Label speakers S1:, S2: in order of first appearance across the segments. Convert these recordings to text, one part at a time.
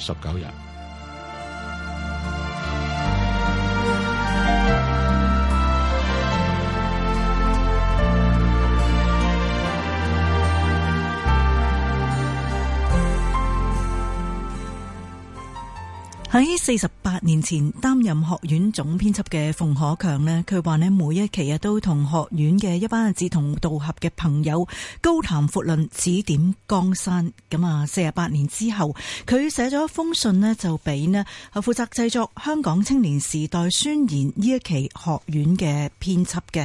S1: 十九日。
S2: 喺四十八年前擔任學院總編輯嘅馮可強咧，佢話咧，每一期啊都同學院嘅一班志同道合嘅朋友高談闊論，指點江山。咁啊，四十八年之後，佢寫咗一封信咧，就俾咧係負責製作《香港青年時代宣言》呢一期學院嘅編輯嘅。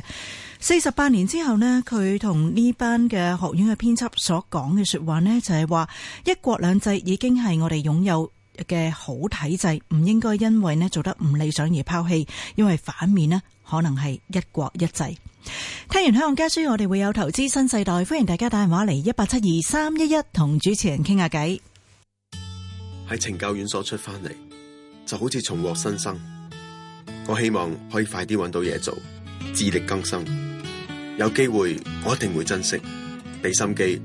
S2: 四十八年之後咧，佢同呢班嘅學院嘅編輯所講嘅說話咧，就係話一國兩制已經係我哋擁有嘅好體制唔應該因為呢做得唔理想而拋棄，因為反面呢可能係一國一制。聽完香港家書，我哋會有投資新世代，歡迎大家打電話嚟，一八七二三一一，同主持人傾下偈。
S3: 喺懲教院所出翻嚟，就好似重獲新生。我希望可以快啲搵到嘢做，自力更生。有機會我一定會珍惜，
S4: 俾心機，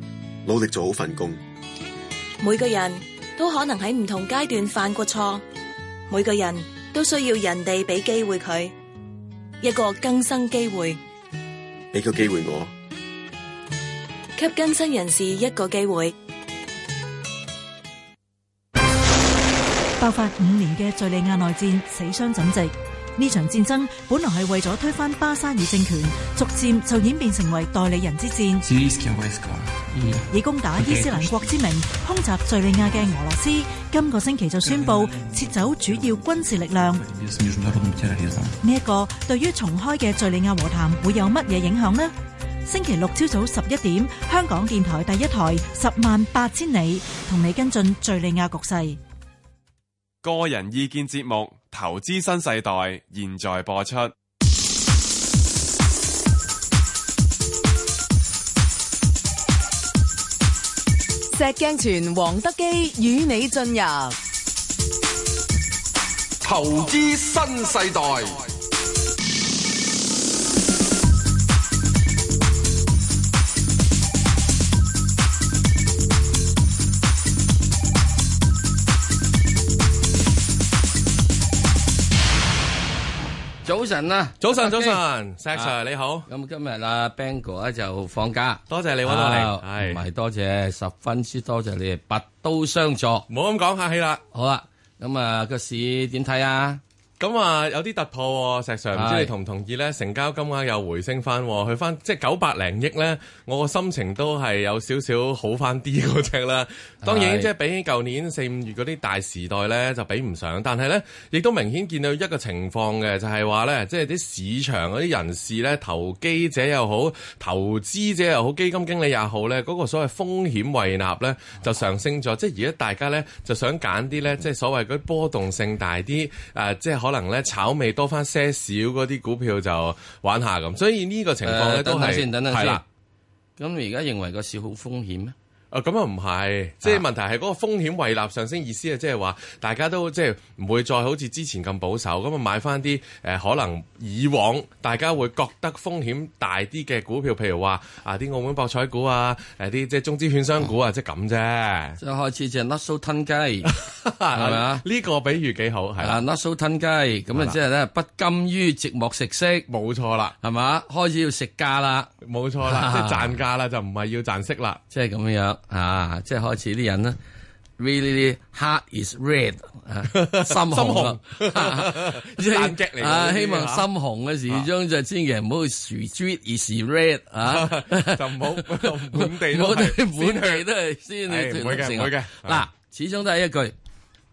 S4: 努力做好份工。
S2: 每個人。都可能喺唔同階段犯過錯，每個人都需要人哋俾機會佢一個更生機會，
S3: 俾個機會我，
S2: 給更生人士一個機會。爆發五年嘅敘利亞內戰，死傷枕藉。呢場戰爭本來係為咗推翻巴沙爾政權，逐漸就演變成為代理人之戰。
S4: 細細 ka，嗯、
S2: 以攻打伊斯蘭國之名，嗯、空襲敘利亞嘅俄羅斯，今、這個星期就宣布撤走主要軍事力量。呢一、嗯、個對於重開嘅敘利亞和談會有乜嘢影響呢？星期六朝早十一點，香港電台第一台十萬八千里同你跟進敘利亞局勢。
S1: 個人意見節目。投資新世代，現在播出。
S2: 石鏡泉、黃德幾與你進入
S1: 投資新世代。
S5: 早晨啊，早晨早晨，石 Sir 你好。咁今日啊，Bangor、啊、就放假。多謝你揾我嚟，係唔係？多謝十分之多謝你拔刀相助。唔好咁講客氣啦。好啦，咁啊、個市點睇啊？咁啊，有啲突破喎、哦，石 Sir
S6: 唔
S1: 知你同唔同意咧？是成交金額又回升翻、哦，去翻即係九百零億咧。我個心情都係有少少好翻啲嗰隻啦。是當然即係比起舊年四五月嗰啲大時代咧，就比唔上。但係咧，亦都明顯見到一個情況嘅，就係話咧，即係啲市場嗰啲人士咧，投機者又好，投資者又好，基金經理也好咧，嗰、那個所謂風險胃納咧，就上升咗。即係而家大家咧，就想揀啲咧，即係所謂嗰啲波動性大啲，誒、呃，即係可。可能咧，炒味多翻些少啲股票，就玩下咁，所以呢個情況咧都係先、呃、等等先，等
S5: 等啦。咁你而家
S1: 認為個市好風險咩？啊，咁啊唔係，即係問題係嗰個風險胃納上升，意思啊，即係話大家都即係唔會再好似之前咁保守，咁啊買翻啲誒可能以往大家會覺得風險大啲嘅股票，譬如話啊啲澳門博彩股
S5: 啊，誒啲即係中資券商股啊，即係咁啫。即係開始即係 n u s o 吞雞，
S6: 係咪啊？
S5: 呢個比喻幾好，係啊 n u s o 吞雞，咁啊即係咧不甘於寂寞食息，冇錯啦，係嘛？開始要食價啦，冇錯啦，即係賺價啦，就唔係要賺息啦，即係咁樣。啊！即係開始啲人呢 r e a l l y、really、heart is red、啊、心紅啊， 即係演技嚟。希望心紅嘅時候，終就、啊、千祈唔好 street is red 啊，啊 就唔好本地，本地都係先。唔會嘅，唔會嘅。嗱上，啊、始終都係一句誒、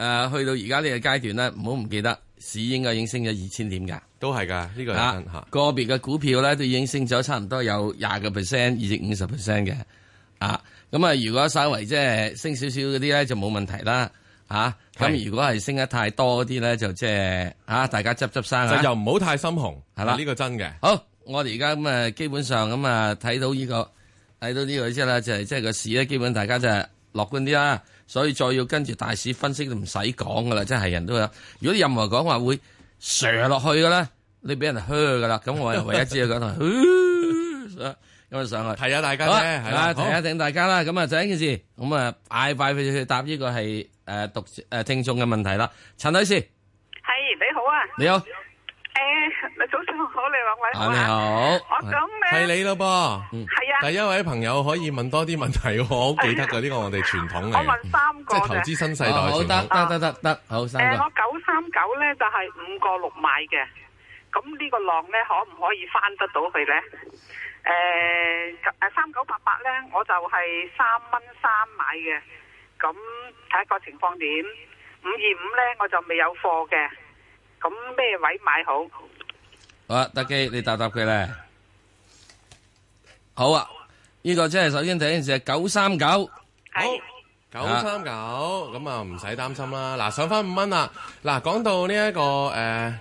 S5: 啊，去到而家呢個階段咧，唔好唔記得市應該已經升咗二千點噶，都係噶呢個係吓。啊、個別嘅股票咧都已經升咗差唔多有廿個 percent，甚至五十 percent 嘅啊。咁啊，如果稍微即係升少少嗰啲咧，就冇問題啦，吓。咁如果係升得太多啲咧，就即係吓，大家執執生。就又唔好太心紅，係啦的。呢個真嘅。好，我哋而家咁啊，基本上咁啊，睇到呢個，睇到呢個先啦，就係即係個市咧，基本大家就係樂觀啲啦。所以再要跟住大市分析，唔使講噶啦，即係人都有。如果你任何講話會削落去嘅咧， 你俾人噓噶啦。咁我又唯一知道講。 今日上去係啊，大家咧係啊，停一停大家啦。咁啊，就一件事，咁啊，快快脆脆答呢個係誒讀誒聽眾嘅問題啦。陳女士，係你好
S7: 啊，你好，誒，早上
S6: 好，你兩位好。係你好，我咁咧係你咯噃，係啊。第一位朋
S5: 友可
S1: 以問多啲問題，我好記得噶呢個我哋傳統嘅。我問
S6: 三個，即係投資新世代。好得得得得，好三個。誒，我九
S8: 三九咧就係五個六買嘅，咁呢個浪咧可唔可以翻得到去咧？誒，誒，三九八八咧，我就係三蚊三買嘅。咁睇一個情況，點五二五咧，我就未有貨嘅。咁咩位買好？
S5: 好啊，德幾，你答答佢咧。好啊，呢個即係首先第一件事，九三九，好九
S6: 三
S1: 九咁啊，唔使擔心啦。嗱，上返五蚊啦。嗱，講到呢一個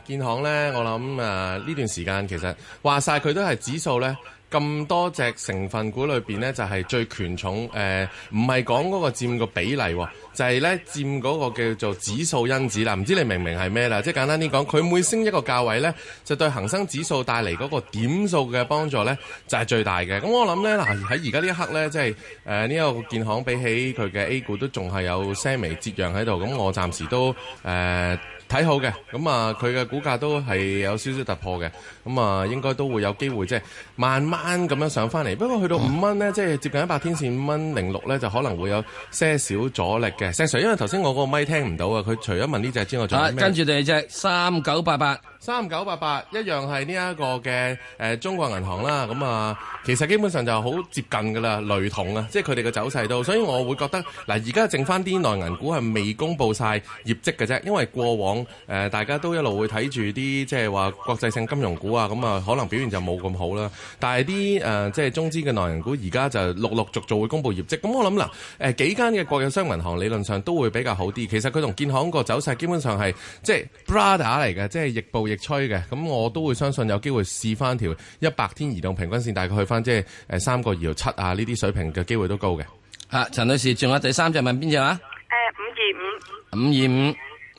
S1: 誒建行咧，我諗啊呢段時間其實話晒佢都係指數咧。咁多隻成分股裏邊呢，就係、是、最權重誒，唔係講嗰個佔個比例喎、哦，就係、是、呢佔嗰個叫做指數因子啦。唔知你明唔明係咩啦？即係簡單啲講，佢每升一個價位呢，就對恒生指數帶嚟嗰個點數嘅幫助呢，就係、是、最大嘅。咁、嗯、我諗呢，嗱喺而家呢一刻呢，即係誒呢個建行比起佢嘅 A 股都仲係有些微折讓喺度。咁、嗯、我暫時都誒。呃睇好嘅，咁、嗯、啊，佢嘅股價都係有少少突破嘅，咁、嗯、啊，應該都會有機會即係、就是、慢慢咁樣上翻嚟。不過去到五蚊咧，嗯、即係接近一百天線五蚊零六咧，就可能會有些少阻力嘅。石 Sir 因為頭先我個咪聽唔到啊，佢除咗問呢隻之外仲有咩？跟住第二隻三九八八，三九八八一樣係呢一個嘅誒、呃、中國銀行啦。咁啊，其實基本上就好接近噶啦，雷同啊，即係佢哋嘅走勢都。所以我會覺得嗱，而家剩翻啲內銀股係未公布晒業績嘅啫，因為過往。誒、呃，大家都一路會睇住啲即係話國際性金融股啊，咁啊可能表現就冇咁好啦。但係啲誒即係中資嘅內銀股而家就陸陸續續會公布業績。咁、嗯、我諗嗱，誒、呃、幾間嘅國有商業銀行理論上都會比較好啲。其實佢同建行個走勢基本上係即係 brother 嚟嘅，即係亦步亦趨嘅。咁、就是嗯、我都會相信有機會試翻條一百天移動平均線，大概去翻即係誒三個二六七啊呢啲水平嘅機會都高嘅。啊，陳女士，仲有第三隻問邊隻啊？誒，五
S6: 二五，
S1: 五二五。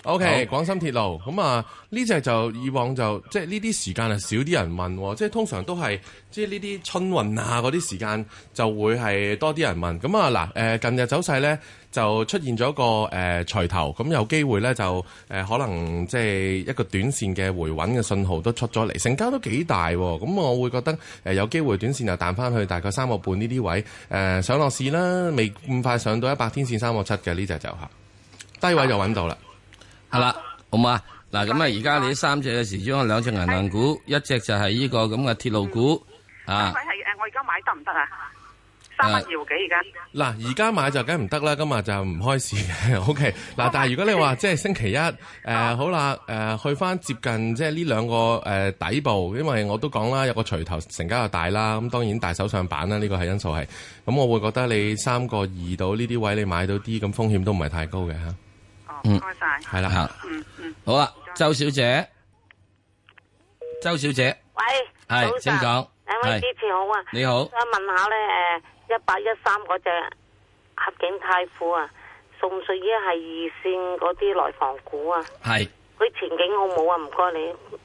S1: O.K. 好廣深鐵路，咁啊，呢隻就以往就即係呢啲時間係少啲人問，哦、即係通常都係即係呢啲春運啊嗰啲時間就會係多啲人問。咁啊嗱，誒、呃、近日走勢咧就出現咗個誒錘、呃、頭，咁有機會咧就誒、呃、可能即係一個短線嘅回穩嘅信號都出咗嚟，成交都幾大喎。咁、哦、我會覺得誒、呃、有機會短線就彈翻去大概三個半呢啲位誒上落市啦，未咁快上到一百天線三個七，嘅呢隻走下低位就揾
S5: 到啦。啦，好嘛？嗱、嗯，咁啊、嗯，而家你三隻嘅時鐘，兩隻銀行股，一隻就係呢個咁嘅鐵路股。呢係誒，我而家買得
S8: 唔得啊？三
S5: 蚊
S1: 二幾而家？嗱，而家買就梗唔得啦，今日就唔開市。O K，嗱，但係如果你話即係星期一誒、呃，好啦誒、呃，去翻接近即係呢兩個誒、呃、底部，因為我都講啦，有個錘頭成交又大啦，咁當然大手上板啦，呢、這個係因素係。咁、嗯、我會覺得你三個二到呢啲位你買到啲，咁風險都唔係太高嘅吓。
S6: 唔該晒，係啦吓，嗯
S5: 嗯，好啊，周小姐，周小姐，
S2: 喂，係，請講，兩位主持好啊，是你好，想問下咧，誒，一八一三嗰隻合景泰富啊，屬唔屬於係二線嗰啲內房股啊？係是，佢前景好唔好啊？唔該你。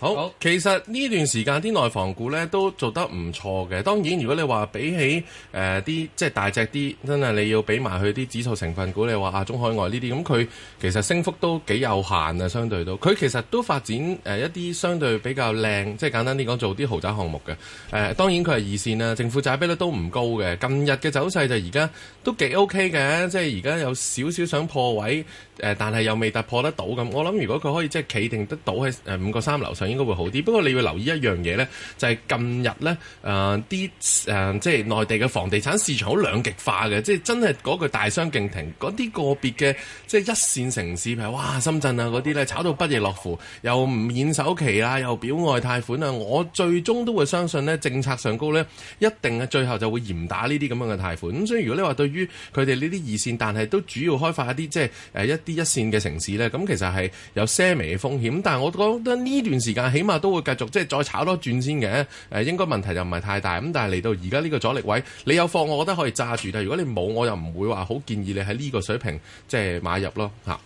S1: 好，好其實呢段時間啲內房股呢都做得唔錯嘅。當然，如果你話比起誒啲、呃、即係大隻啲，真係你要比埋佢啲指數成分股，你話亞、啊、中海外呢啲咁，佢、嗯、其實升幅都幾有限啊。相對都，佢其實都發展誒一啲相對比較靚，即係簡單啲講，做啲豪宅項目嘅誒、呃。當然佢係二線啦，淨負債比率都唔高嘅。近日嘅走勢就而家都幾 OK 嘅，即係而家有少少想破位、呃、但係又未突破得到咁。我諗如果佢可以即係企定得到喺五個三樓上。應該會好啲，不過你要留意一樣嘢呢，就係、是、近日呢誒啲誒即係內地嘅房地產市場好兩極化嘅，即係真係嗰句大相徑庭。嗰啲個別嘅即係一線城市，譬如哇深圳啊嗰啲呢，炒到不亦樂乎，又唔免首期啊，又表外貸款啊，我最終都會相信呢政策上高呢，一定係最後就會嚴打呢啲咁樣嘅貸款。咁、嗯、所以如果你話對於佢哋呢啲二線，但係都主要開發一啲即係一啲一線嘅城市呢，咁其實係有些微嘅風險。但係我覺得呢段時起碼都會繼續即係再炒多轉先嘅，誒、呃、應該問題就唔係太大咁。但係嚟到而家呢個阻力位，你有貨，我覺得
S5: 可以揸住，但如果你冇，我又唔會話好建議你喺呢個水平即係買入咯嚇。啊、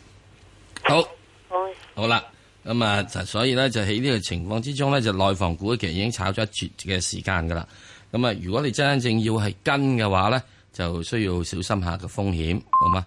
S5: 好，哎、好啦，咁啊，就所以呢，就喺呢個情況之中呢，就內房股其實已經炒咗一轉嘅時間噶啦。咁啊，如果你真真正要係跟嘅話呢，就需要小心下個風險，好嗎？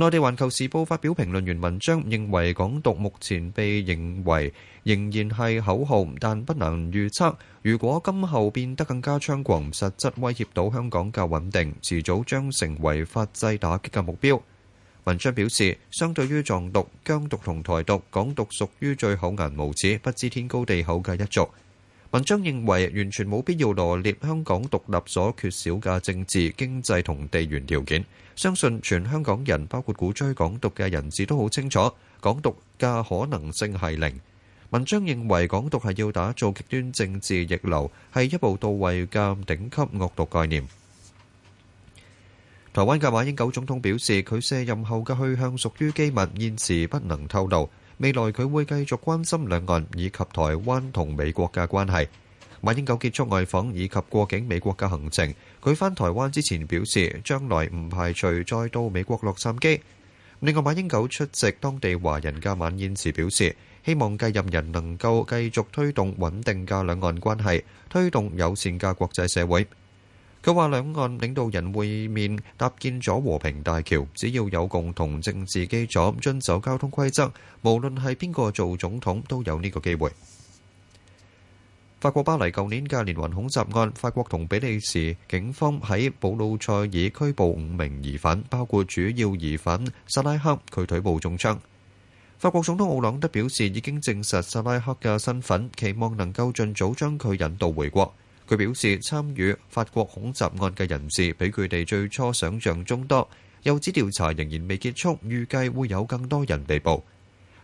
S4: 內地《環球時報》發表評論員文章，認為港獨目前被認為仍然係口號，但不能預測如果今後變得更加猖狂，實質威脅到香港嘅穩定，遲早將成為法制打擊嘅目標。文章表示，相對於藏獨、疆獨同台獨，港獨屬於最厚顏無恥、不知天高地厚嘅一族。文章認為完全冇必要羅列香港獨立所缺少嘅政治、經濟同地緣條件，相信全香港人，包括鼓吹港獨嘅人士都好清楚，港獨嘅可能性係零。文章認為港獨係要打造極端政治逆流，係一步到位嘅頂級惡毒概念。台灣嘅馬英九總統表示，佢卸任後嘅去向屬於機密，現時不能透露。未來佢會繼續關心兩岸以及台灣同美國嘅關係。馬英九結束外訪以及過境美國嘅行程，佢返台灣之前表示，將來唔排除再到美國洛杉磯。另外，馬英九出席當地華人嘅晚宴時表示，希望繼任人能夠繼續推動穩定嘅兩岸關係，推動友善嘅國際社會。佢話：兩岸領導人會面搭建咗和平大橋，只要有共同政治基礎，遵守交通規則，無論係邊個做總統都有呢個機會。法國巴黎舊年嘅連環恐襲案，法國同比利時警方喺布魯塞爾拘捕五名疑犯，包括主要疑犯薩拉克，佢腿部中槍。法國總統奧朗德表示已經證實薩拉克嘅身份，期望能夠盡早將佢引渡回國。佢表示，參與法國恐襲案嘅人士比佢哋最初想象中多。又指調查仍然未結束，預計會有更多人被捕。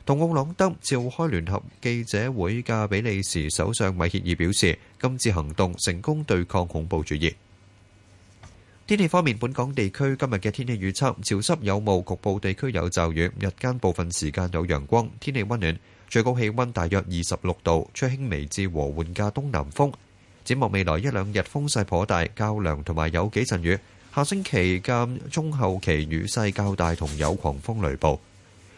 S4: 同奧朗德召開聯合記者會嘅比利時首相米歇爾表示，今次行動成功對抗恐怖主義。天氣方面，本港地區今日嘅天氣預測潮濕有霧，局部地區有驟雨，日間部分時間有陽光，天氣温暖，最高氣温大約二十六度，吹輕微至和緩嘅東南風。展望未來一兩日風勢頗大，較涼同埋有幾陣雨。下星期間中後期雨勢較大，同有狂風雷暴。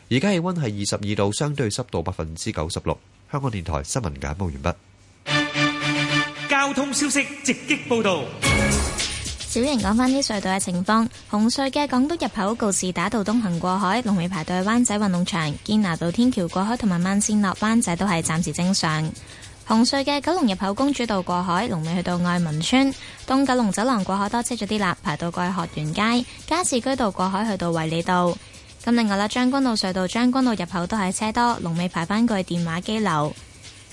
S4: 而家氣温係二十二度，相對濕度百分之九十六。香港電台新聞簡報完畢。交通消息直擊報道。
S7: 小瑩講翻啲隧道嘅情況，紅隧嘅港島入口告士打道東行過海龍尾排隊，灣仔運動場、堅拿道天橋過海同埋慢線落灣仔都係暫時正常。紅隧嘅九龍入口公主道過海，龍尾去到愛民村；東九龍走廊過海多車咗啲啦，排到過去鶴園街；加士居道過海去到衛理道。咁另外啦，將軍澳隧道將軍澳入口都係車多，龍尾排翻去電話機樓。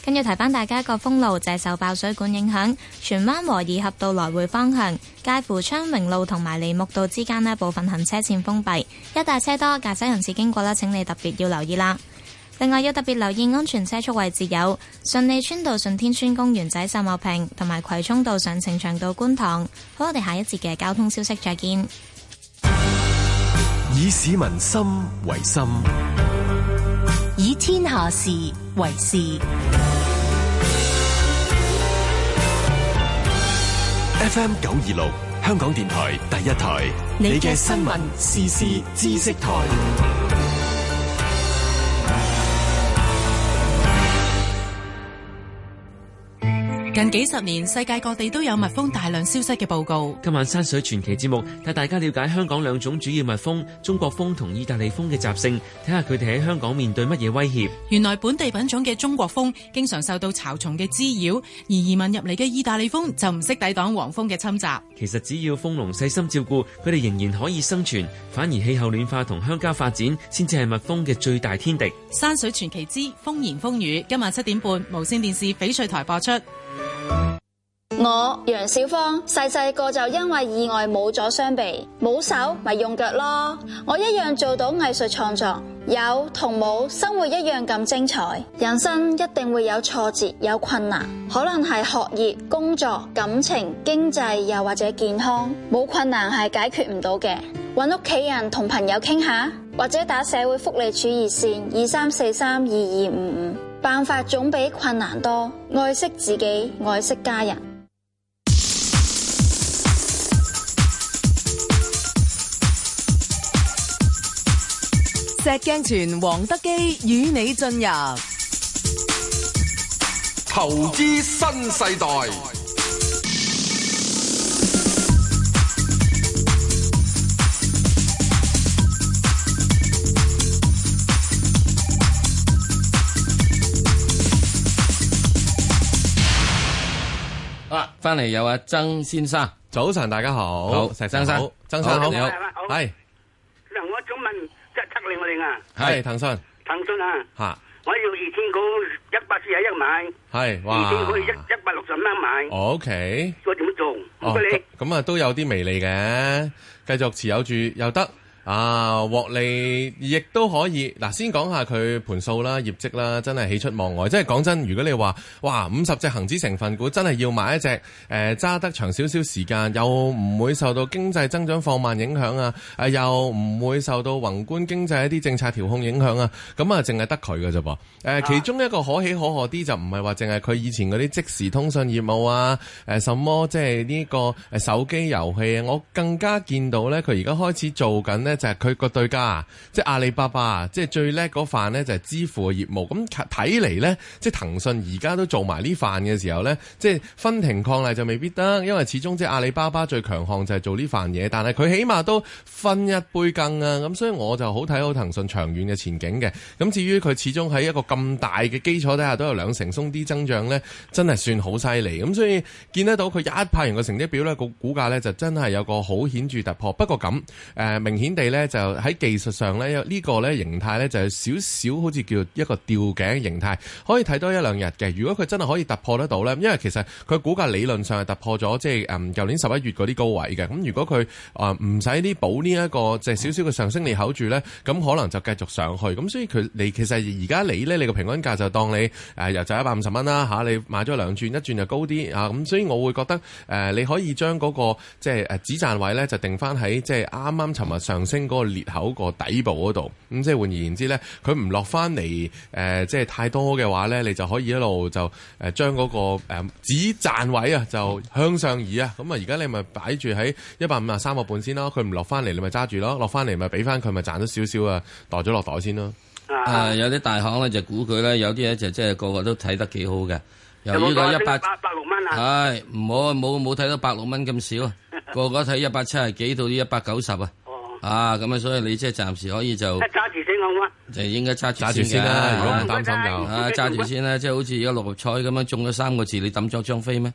S7: 跟住提翻大家一個封路，就係、是、受爆水管影響，荃灣和宜合道來回方向，介乎昌榮路同埋梨木道之間呢部分行車綫封閉，一帶車多，駕駛人士經過啦，請你特別要留意啦。另外，要特別留意安全車速位置有順利村道、順天村公園仔、秀茂坪同埋葵涌道上呈祥道、觀塘。好，我哋下一節嘅交通消息再見。
S1: 以市民心為心，
S2: 以天下事為事。
S4: F M 九二六，香港電台第一台，你嘅新
S1: 聞時事
S4: 知識台。
S2: 近幾十年，世界各地都有蜜蜂大量消失嘅報告。
S3: 今晚《山水傳奇》節目帶大家了解香港兩種主要蜜蜂——中國蜂同意大利蜂嘅習性，睇下佢哋喺香港面對乜嘢威脅。
S2: 原來本地品種嘅中國蜂經常受到巢蟲嘅滋擾，而移民入嚟嘅意大利蜂就唔識抵擋黃蜂嘅侵襲。
S3: 其實只要蜂農細心照顧，佢哋仍然可以生存。反而氣候暖化同鄉郊發展，先至係蜜蜂嘅最大天敵。
S2: 《山水傳奇之蜂言蜂語》，今晚七點半無線電視翡翠台播出。
S7: 我楊小芳細細個就因為意外冇咗雙臂，冇手咪用腳咯，我一樣做到藝術創作，有同冇，生活一樣咁精彩。人生一定會有挫折、有困難，可能係學業、工作、感情、經濟又或者健康，冇困難係解決唔到嘅。搵屋企人同朋友傾下，或者打社會福利處熱線二三四三二二五五。辦法總比困難多，愛惜自己，愛惜家人。
S2: 石鏡泉黃德幾與你進入
S1: 投資新世代。
S5: 翻嚟有阿曾先生，早晨，大家好，好，石生好，曾生好，你好，係，嗱，我想問七七我哋啊，係，騰訊，騰訊啊，吓，
S6: 我要二千股，一百四十一買，係，哇，二千可以一一百六十蚊買，OK，
S1: 我點
S6: 做，唔該你，
S1: 咁啊都有啲微利嘅，繼續持有住又得。啊，獲利亦都可以嗱，先講下佢盤數啦、業績啦，真係喜出望外。即係講真，真，如果你話哇，五十隻恒指成分股，真係要買一隻誒，揸、呃、得長少少時間，又唔會受到經濟增長放慢影響啊，誒、呃，又唔會受到宏觀經濟一啲政策調控影響啊，咁、呃、啊，淨係得佢嘅啫噃。誒，其中一個可喜可賀啲就唔係話淨係佢以前嗰啲即時通訊業務啊，誒、呃，什麼即係呢個誒手機遊戲啊，我更加見到咧，佢而家開始做緊咧。就係佢個對家即係、就是、阿里巴巴即係、就是、最叻嗰瓣咧就係支付嘅業務。咁睇嚟呢，即、就、係、是、騰訊而家都做埋呢瓣嘅時候呢，即、就、係、是、分庭抗禮就未必得，因為始終即係阿里巴巴最強項就係做呢瓣嘢。但係佢起碼都分一杯羹啊！咁所以我就好睇好騰訊長遠嘅前景嘅。咁至於佢始終喺一個咁大嘅基礎底下都有兩成鬆啲增長呢，真係算好犀利。咁所以見得到佢一拍完個成績表呢，個股價呢，就真係有個好顯著突破。不過咁誒、呃，明顯地。咧就喺技術上咧，呢個咧形態咧，就有少少好似叫一個吊頸形態，可以睇多一兩日嘅。如果佢真係可以突破得到咧，因為其實佢股價理論上係突破咗，即係誒舊年十一月嗰啲高位嘅。咁如果佢啊唔使呢補呢一個，即係少少嘅上升嚟 hold 住咧，咁可能就繼續上去。咁所以佢你其實而家你咧，你個平均價就當你誒入就一百五十蚊啦吓，你買咗兩轉，一轉就高啲啊咁，所以我會覺得誒你可以將嗰個即係誒止賺位咧，就定翻喺即係啱啱尋日上升嗰個裂口個底部嗰度，咁即係換而言之咧，佢唔落翻嚟，誒、呃，即係太多嘅話咧，你就可以一路就誒、呃、將嗰、那個誒止、呃、賺位啊，就向上移啊。咁、嗯、啊，而家、嗯、你咪擺住喺一百五十三個半先咯。佢唔落翻嚟，你咪揸住咯。落翻嚟咪俾翻佢，咪賺咗少少啊，袋咗落袋先咯。啊，有啲大行咧就估
S5: 佢咧，有啲嘢就即係個個都睇得幾好嘅。
S1: 有冇講一百
S6: 百
S5: 六蚊啊？係唔好冇冇睇到百六蚊咁少啊，個個睇一百七十幾到一百九十啊。啊，咁啊，所以你即係暫時可以就，揸住先好嘛？就應該揸住先啦，如果唔擔心就，揸住先啦，即係好似而家六合彩咁樣中咗三個字，你抌咗張飛咩？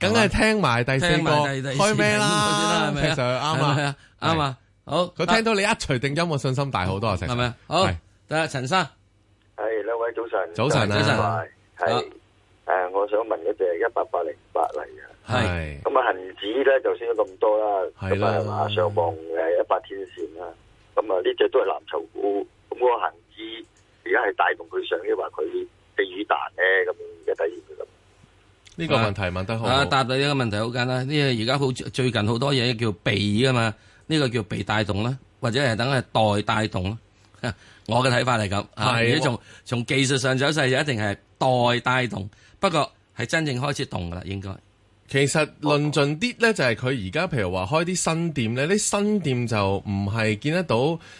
S5: 梗係聽埋第四個開咩啦？聽埋啱啊，啱啊，
S6: 好，
S1: 佢聽到你一錘定音，我信心大好多啊，係咪？好，
S5: 得啦，陳生，係
S6: 兩位早晨，早晨早晨，係，誒，我
S5: 想問一隻一八八零八
S8: 嚟嘅。係咁啊！恒是、嗯、指咧就升咗
S3: 咁多啦，咁啊吧、嗯、上望誒一百天
S6: 線啦。咁啊呢隻都係藍籌股，咁個恒指而家係帶動佢
S5: 上，即係
S1: 話佢
S6: 被雨彈咧。
S5: 咁嘅睇法咁呢個問題問得好啊！答到呢個問題好簡單，呢個而家好最近好多嘢叫被啊嘛，呢、這個叫被帶動啦，或者係等係代帶動啦。我嘅睇法係咁、嗯嗯、啊，從從技術上走勢就一定係代帶動，不過係真正開始動噶啦，應該。
S1: 其實論盡啲呢，就係佢而家譬如話開啲新店呢，啲新店就唔係見得到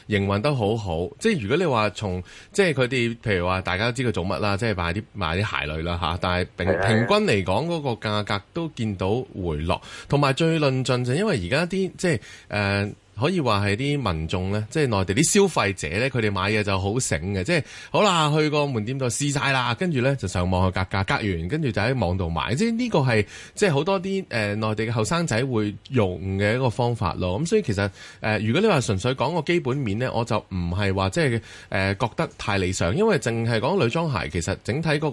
S1: 營運得好好。即係如果你話從即係佢哋，譬如話大家知佢做乜啦，即係賣啲賣啲鞋類啦嚇。但係平平均嚟講，嗰個價格都見到回落。同埋最論盡就因為而家啲即係誒。呃可以話係啲民眾咧，即係內地啲消費者咧，佢哋買嘢就好醒嘅，即係好啦，去個門店度試晒啦，跟住咧就上網去格價，格，格，格完跟住就喺網度買，即係呢個係即係好多啲誒、呃、內地嘅後生仔會用嘅一個方法咯。咁、嗯、所以其實誒、呃，如果你話純粹講個基本面咧，我就唔係話即係誒、呃、覺得太理想，因為淨係講女裝鞋，其實整體嗰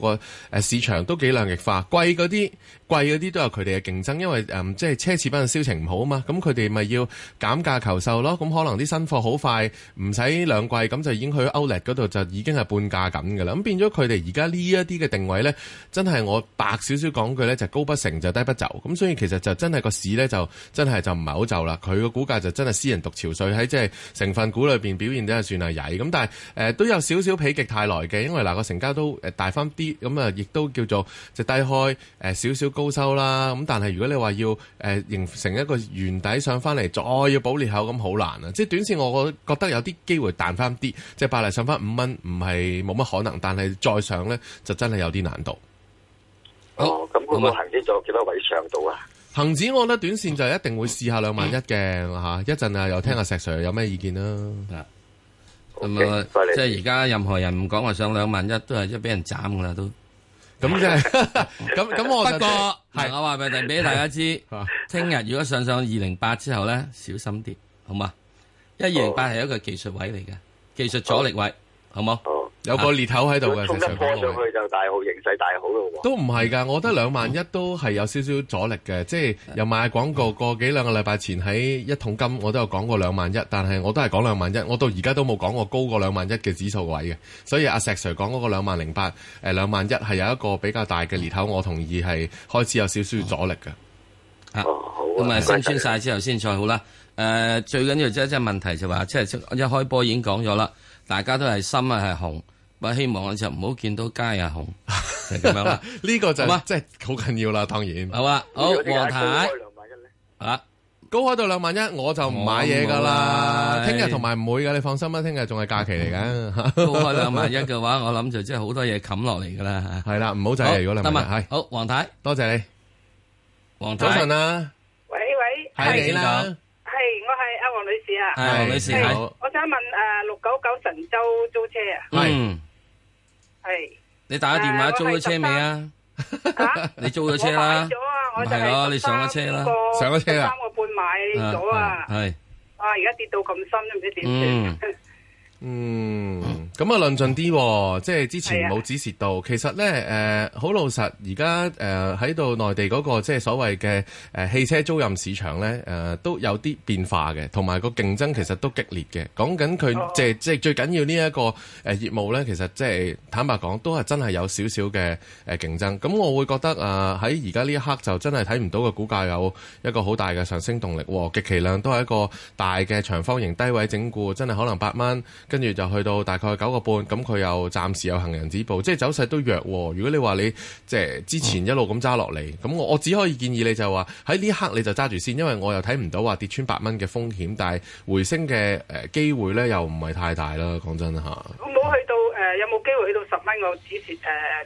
S1: 個市場都幾兩極化，貴嗰啲。貴嗰啲都有佢哋嘅競爭，因為誒即係奢侈品嘅銷情唔好啊嘛，咁佢哋咪要減價求售咯。咁可能啲新貨好快唔使兩季，咁就已經去 Outlet 嗰度就已經係半價咁嘅啦。咁變咗佢哋而家呢一啲嘅定位呢，真係我白少少講句呢，就高不成就低不就。咁所以其實就真係個市呢，就真係就唔係好就啦。佢個股價就真係私人獨潮水，所喺即係成分股裏邊表現真係算係曳。咁但係誒、呃、都有少少否極泰來嘅，因為嗱個、呃、成交都大翻啲，咁啊亦都叫做就低開誒、呃、少少高高收啦，咁但係如果你話要誒、呃、形成一個圓底上翻嚟，再要補裂口咁好難啊！即係短線我覺得有啲機會彈翻啲，即係百麗上翻五蚊唔係冇乜可能，但係再上咧就真係有啲難度。
S6: 哦，咁好、哦、個恒指再幾多位
S5: 上到
S1: 啊？恒指我覺得短線就一定會試下兩萬一嘅吓，一陣、嗯、啊又聽下石
S5: Sir 有咩意見啦。咁啊、嗯，okay, 不即係而家任何人唔講話上兩萬一都係一俾人斬噶啦都。咁即係，咁咁 我不過係，是我話咪就俾大家知，聽日 如果上上二零八之後咧，小心啲，好嘛？因為二零八係一個技術位嚟嘅，技術阻力位，好冇？有個裂頭喺度
S1: 嘅，如果
S6: 衝上去就大
S5: 好，形勢大好咯。都唔係噶，我覺得兩萬一
S1: 都係有少少阻力嘅，即係又咪阿廣個個、啊、幾兩個禮拜前喺一桶金，我都有講過兩萬一，但係我都係講兩萬一，我到而家都冇講過高過兩萬一嘅指數位嘅。所以阿石 Sir 講嗰個兩萬零八，誒兩萬一係有一個比較大嘅裂頭，我同意係開始有少少阻力嘅。
S5: 啊，好啊，同埋是、啊、升穿晒之後先再好啦。誒、啊，最緊要即係即係問題就話、是，即、就、係、是、一開波已經講咗啦，大家都係心啊，係紅。我希望就唔好見到街啊紅，就咁樣啦。呢個就即係好緊要啦。當然，好啊。好，黃太啊，高開到兩萬一咧啊！
S1: 高開到兩萬一，我就唔買嘢噶啦。聽日同埋唔會嘅，你放心啦。聽日仲係假期嚟嘅。
S5: 高開兩萬一嘅話，我諗就真係好多嘢冚落嚟噶啦。係啦，唔好就係如果兩萬一。好，黃太，多謝你。黃早晨啊！
S8: 喂喂，係你啦，係我係阿黃女士啊。黃女士好。
S1: 我想問誒
S5: 六九九神州
S8: 租車啊。嗯。
S5: 係，是你打個電話租咗車未啊？你租咗車啦，係咯，你上咗車啦，上咗車啊，三個半買咗啊，啊，而家跌到咁
S8: 深都唔知
S6: 點算。
S1: 嗯，咁啊、嗯，論盡啲，即係、嗯、之前冇指示到，是啊、其實呢，誒、呃，好老實，而家誒喺度內地嗰、那個即係所謂嘅誒汽車租賃市場呢，誒、呃、都有啲變化嘅，同埋個競爭其實都激烈嘅。講緊佢，即係最緊要呢一個誒業務呢，其實即、就、係、是、坦白講，都係真係有少少嘅誒競爭。咁我會覺得啊，喺而家呢一刻就真係睇唔到個股價有一個好大嘅上升動力喎、哦。極其量都係一個大嘅長方形低位整固，真係可能八蚊。跟住就去到大概九個半，咁佢又暫時有行人止步，即係走勢都弱。如果你話你即係之前一路咁揸落嚟，咁我我只可以建議你就話喺呢一刻你就揸住先，因為我又睇唔到話跌穿八蚊嘅風險，但係回升嘅誒機會咧又唔係太大啦。講真嚇，冇
S8: 去到誒有冇機會去到十蚊？我只是誒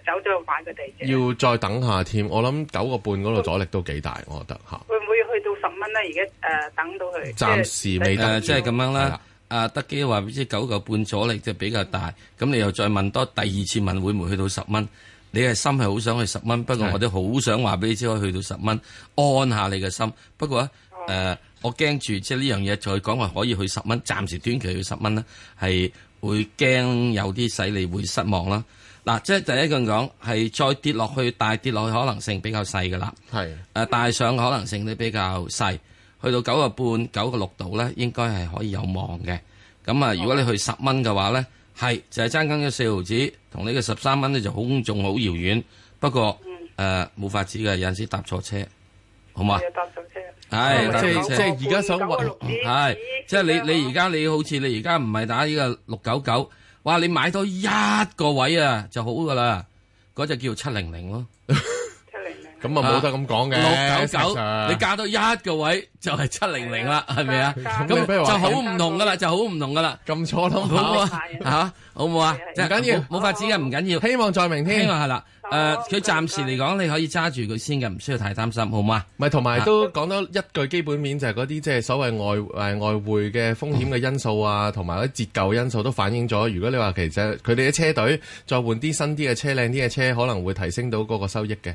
S8: 走咗買個地。要
S1: 再等下添，我諗九個半嗰度阻力都
S5: 幾大，我覺得嚇。會唔會去
S8: 到十蚊咧？而家誒等到佢暫
S5: 時未等住，即係咁樣啦。阿、啊、德基話：，即九九半阻力就比較大，咁你又再問多第二次問，會唔會去到十蚊？你嘅心係好想去十蚊，不過我哋好想話俾你知，可以去到十蚊，安下你嘅心。不過，誒、呃，我驚住即係呢樣嘢再講話可以去十蚊，暫時短期去十蚊咧，係會驚有啲使你會失望啦。嗱、啊，即係第一句講係再跌落去，大跌落去可能性比較細噶啦。係誒的、啊，大上嘅可能性都比較細。去到九個半九個六度咧，應該係可以有望嘅。咁啊，如果你去十蚊嘅話咧，係就係爭緊咗四毫子，同呢個十三蚊咧就好仲好遙遠。不過誒冇、嗯呃、法子嘅，有陣時搭錯車，好嘛？搭錯車。係、嗯哎、即即係而家想話，係、呃呃呃呃、即係你你而家你好似你而家唔係打呢個六九九，哇！你買多一個位啊，就好噶啦，嗰就叫做七零零咯。 咁啊，冇得咁講嘅。六九九，你嫁到一個位就係七零零啦，係咪啊？咁就好唔同噶啦，就好唔同噶啦。咁錯好冇啊嚇，好唔好啊？唔緊要，冇法子嘅，唔緊要。希望再明天係啦。誒，佢暫時嚟講，你可以揸住佢先嘅，唔需要太擔心，好嘛？
S1: 咪同埋都講多一句基本面，就係嗰啲即係所謂外誒外匯嘅風險嘅因素啊，同埋啲折舊因素都反映咗。如果你話其實佢哋啲車隊再換啲新啲嘅車、靚啲嘅車，可能會提升到嗰個收益嘅。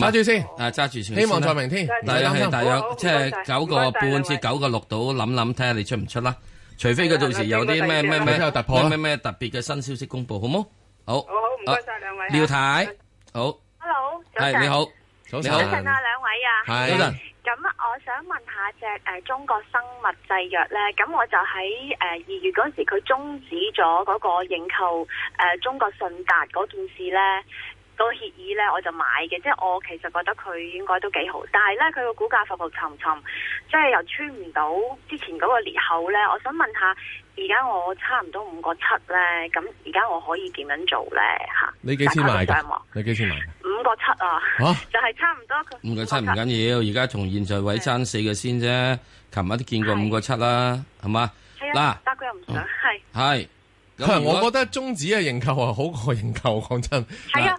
S1: 揸住
S5: 先，誒揸住，希望在明天。大約係大約，即係九個半至九個六度，諗諗睇下你出唔出啦。除非佢到時有啲咩咩咩突破，咩咩特別嘅新消息公布，好唔好？好。好好，唔該曬
S6: 兩
S5: 位。廖太，好。Hello，
S6: 早晨。係你好，早
S7: 晨。早晨啊，兩位啊。係。咁我想問下隻誒中國生物製藥咧，咁我就喺誒二月嗰時，佢中止咗嗰個認購誒中國信達嗰件事咧，個協議咧，我就買嘅，即係我其實覺得佢應該都幾好，但係咧佢個股價浮浮沉沉，即係又穿唔到之前嗰個裂口咧。我想問下，而家我差唔多五個七咧，咁而家我可以點樣做咧？吓，你幾千萬？你幾千萬？五個七啊，就係差唔多。五個七唔緊
S5: 要，而家從現在位差四個先啫。琴日都見過五個七啦，係嘛？係啊。
S6: 嗱，但佢又唔想，係係。
S1: 咁我覺得
S5: 中止嘅認購啊，好過認
S1: 購，講真。係啊。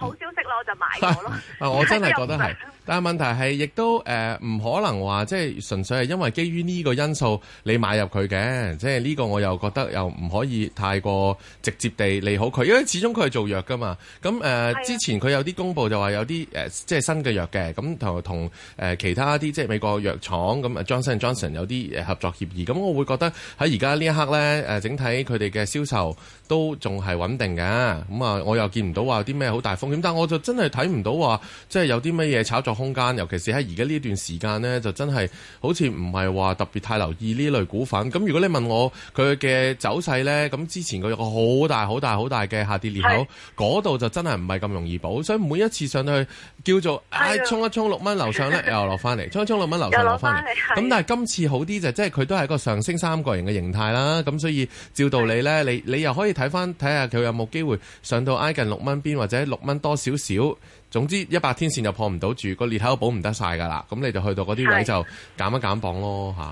S2: 好
S1: 消息咯，我就買咗咯。啊， 我真係覺得係，但係問題係亦都誒，唔可能話即係純粹係因為基於呢個因素你買入佢嘅，即係呢個我又覺得又唔可以太過直接地利好佢，因為始終佢係做藥㗎嘛。咁、嗯、誒之前佢有啲公佈就話有啲誒即係新嘅藥嘅，咁同同誒其他啲即係美國藥廠咁 Johnson Johnson 有啲誒合作協議。咁、嗯、我會覺得喺而家呢一刻咧誒，整體佢哋嘅銷售，都仲係穩定嘅，咁啊，我又見唔到話有啲咩好大風險，但係我就真係睇唔到話，即係有啲咩嘢炒作空間，尤其是喺而家呢段時間呢，就真係好似唔係話特別太留意呢類股份。咁如果你問我佢嘅走勢呢，咁之前佢有個好大、好大、好大嘅下跌裂口，嗰度是就真係唔係咁容易補，所以每一次上去叫做唉，衝一衝六蚊樓上呢，呃、沖沖上又落翻嚟，衝一衝六蚊樓上落翻嚟。咁但係今次好啲就即係佢都係一個上升三角形嘅形態啦，咁所以照道理呢，你你，你又可以。睇翻睇下佢有冇機會上到挨近六蚊邊或者六蚊多少少，總之一百天線就破唔到住個裂口補唔得
S5: 晒噶啦，咁你就去到嗰啲位就減一減磅咯吓。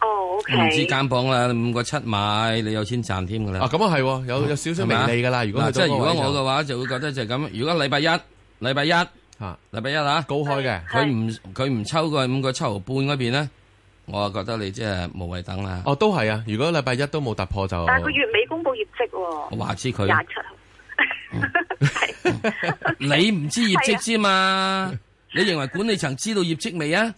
S6: 哦，OK。唔知減
S5: 磅啦，五個七買，你有錢賺添噶啦。啊，咁啊係，
S1: 有有少
S6: 少盈利噶啦。嗱的，即係
S5: 如果我嘅話就會覺得就咁。如果禮拜一，禮拜一吓，禮的拜一啊，高開嘅，佢唔佢唔抽過五個七毫半嗰邊咧。我啊覺得你即係無謂等啦。哦，都係啊！如果禮拜一都冇突破就。
S1: 但係佢月
S6: 尾公布業績、哦。我話十知佢。
S5: 你唔
S6: 知業績之嘛？
S5: 你認為管理層知道業績未啊？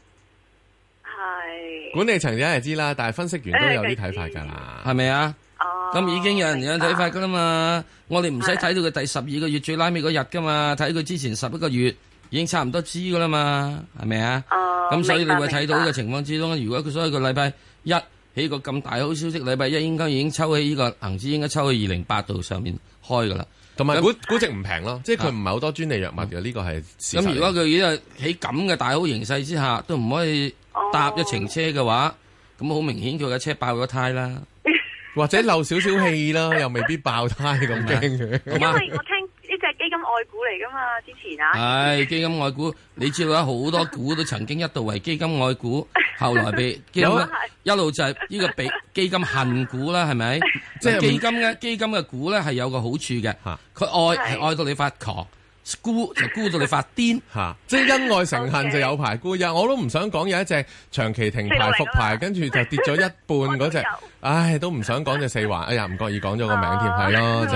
S5: 係是。管理層梗係知啦，但係分析員都有啲睇法噶啦，係咪啊？哦、嗯。咁已經有人有睇法噶啦嘛？白我哋唔使睇到佢第十二個月最拉尾嗰日噶嘛？睇佢之前十一個月。已經差唔多知噶啦嘛，係咪啊？咁、oh, 所以你咪睇到呢個情況之中，oh, 如果佢所以個禮拜一起個咁大好消息，禮拜一應該已經抽起呢個恒指，應該抽去二零八度上面開噶啦。同埋估值唔平咯，即係佢唔係好多專利藥物。呢、這個係事實。咁、嗯、如果佢已經喺咁嘅大好形勢之下，都唔可以搭一程車嘅話，咁好、oh, 明顯佢嘅車爆咗胎啦， 或者漏少少氣啦，又未必爆胎咁驚 笑笑股嚟噶嘛？之前啊，係基金愛股，你知道啦，好多股都曾經一度為基金愛股， 後來被基金 一路就係呢個被基金恨股啦，係咪？ 即係基金嘅基金嘅股咧，係有個好處嘅，佢愛係 愛到你發狂。沽就沽到你發癲吓，即係恩愛成恨
S1: 就有排沽呀！我都唔想講，有一隻長期停牌復牌，跟住就跌咗一半嗰隻，唉，都唔想講隻四環。哎呀，唔覺意講咗個名添，係咯，就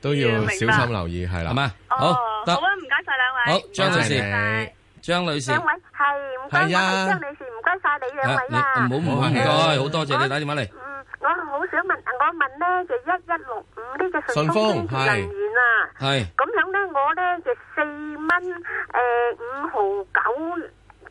S1: 都要小心
S5: 留意，係啦，係咪？好，
S1: 好啊，唔該晒
S6: 兩位，好，張女士，張女士，
S1: 兩
S5: 位係唔該，張女士
S7: 唔該晒你兩位唔
S5: 好唔該，好多謝你打電話
S6: 嚟。
S7: 我好想問，我問呢就一一六五呢
S6: 隻順風清潔能源啊，係
S7: 咁樣咧，我呢就四蚊誒五毫九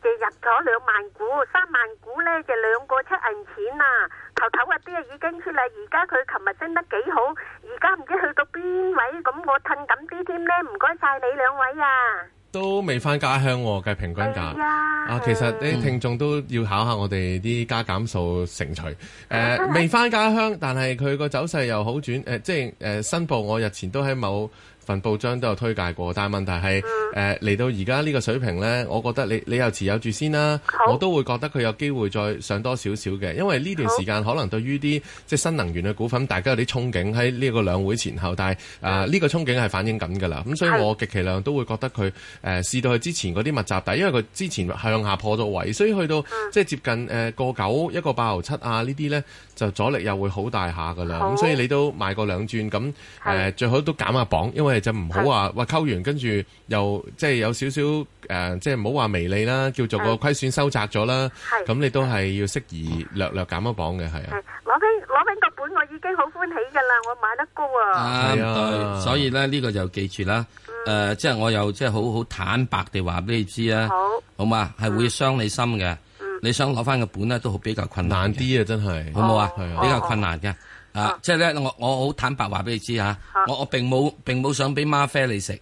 S7: 就入咗兩萬股，三萬股呢，就兩個七銀錢啊，頭頭嗰、啊、啲已經出啦，而家佢琴日升得幾好，而家唔知去到邊位，咁我褪緊啲添呢，唔該晒你兩位啊。
S1: 都未翻家鄉喎，計平均價啊！其實啲、嗯、聽眾都要考下我哋啲加減數乘除。誒、呃。未翻 家鄉，但係佢個走勢又好轉誒。即係誒、呃、申報，我日前都喺某份報章都有推介過，但係問題係誒嚟到而家呢個水平呢，我覺得你你又持有住先啦，我都會覺得佢有機會再上多少少嘅，因為呢段時間可能對於啲即係新能源嘅股份，大家有啲憧憬喺呢個兩會前後，但係啊呢個憧憬係反映緊㗎啦，咁所以我極其量都會覺得佢誒試到佢之前嗰啲密集底，因為佢之前向下破咗位，所以去到即係接近誒個九一個八牛七啊呢啲呢，就阻力又會好大下㗎啦，咁所以你都賣過兩轉咁誒最好都減下磅，因為就唔好話，話溝完跟住又即係有少少誒，即係唔好話微利啦，叫做個虧損收窄咗啦。咁你都係要適宜略略減一磅嘅，係啊。攞
S7: 俾攞俾個本，我已經好歡喜噶啦，我買得高啊。係
S6: 啊，
S1: 所
S5: 以咧呢個就記住啦。誒，即係我又即係好好坦白地話俾你知啊。好。好嘛，係會傷你心嘅。你想攞翻個本咧，都好比較困難。難啲啊，真係。好冇啊？啊。比較困難嘅。啊，即係咧，我我好坦白話俾你知吓，我我並冇並冇想俾馬啡你食，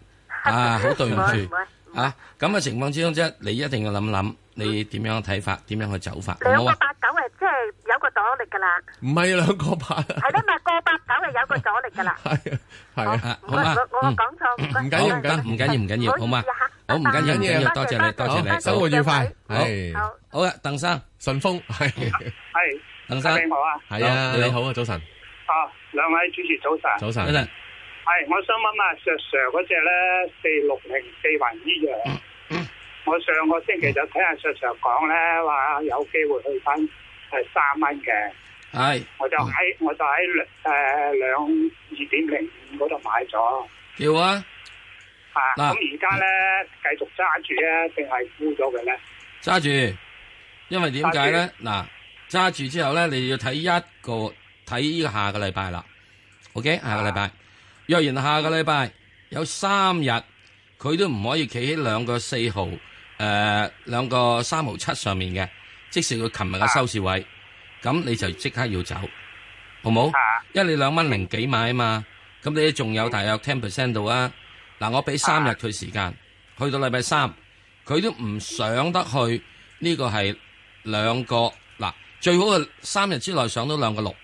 S5: 啊，好對唔住，啊，咁嘅情況之中，即係你一定要諗諗，你點樣睇法，點樣去走法。兩個八九誒，即
S8: 係有個阻力噶啦。
S5: 唔係兩個
S1: 八。係咧，
S6: 咪個八九誒，有個阻力噶啦。係係啊，好啊。唔好唔好講錯。唔緊唔緊唔緊要唔緊要，好嘛？
S5: 好
S1: 唔緊要唔緊要，多謝你，多謝你，生
S6: 活愉快。好。好
S5: 嘅，鄧生，順風。係。係。鄧生。
S1: 你好啊。係啊，你好啊，早晨。
S5: 啊！兩位主持早晨，早晨，係，我想問
S8: 阿 Sir Sir 嗰隻咧，四六零四環呢樣，嗯、我上個星期就睇下，Sir Sir 講咧，話有機會去翻係三蚊嘅，係是，我就喺我就喺兩誒兩二點零五嗰度買咗，
S6: 要啊，
S5: 吓、
S6: 啊，咁
S8: 而家咧繼續揸住咧，定係沽咗嘅
S5: 咧？揸住，因為點解咧？嗱，揸住之後咧，你要睇一個。睇呢個下個禮拜啦，OK，下個禮拜若然下個禮拜有三日佢都唔可以企喺兩個四毫誒兩個三毫七上面嘅，即使佢琴日嘅收市位，咁你就即刻要走，好冇？因為你兩蚊零幾買啊嘛，咁你仲有大約 ten percent 度啊？嗱，我俾三日佢時間，去到禮拜三佢都唔上得去呢個係兩個嗱，最好係三日之內上到兩個六。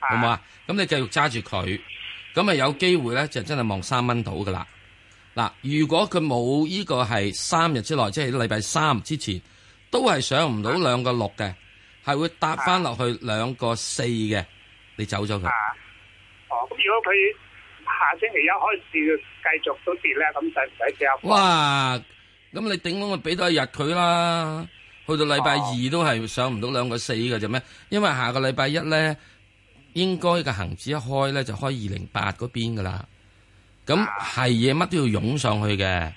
S5: 好唔好啊？咁你繼續揸住佢，咁啊有機會咧就真係望三蚊到噶啦。嗱，如果佢冇呢個係三日之內，即係禮拜三之前，都係上唔、啊、到兩個六嘅，係會搭翻落去兩個四嘅，你走咗佢。哦、啊，咁如果佢下
S8: 星期一開始繼續都
S5: 跌咧，咁使唔使止哇！咁你頂多佢俾多一日佢啦，去到禮拜二都係上唔到兩個四嘅啫咩？因為下個禮拜一咧。應該嘅恒指一開咧就開二零八嗰邊噶啦，咁係嘢乜都要湧上去嘅。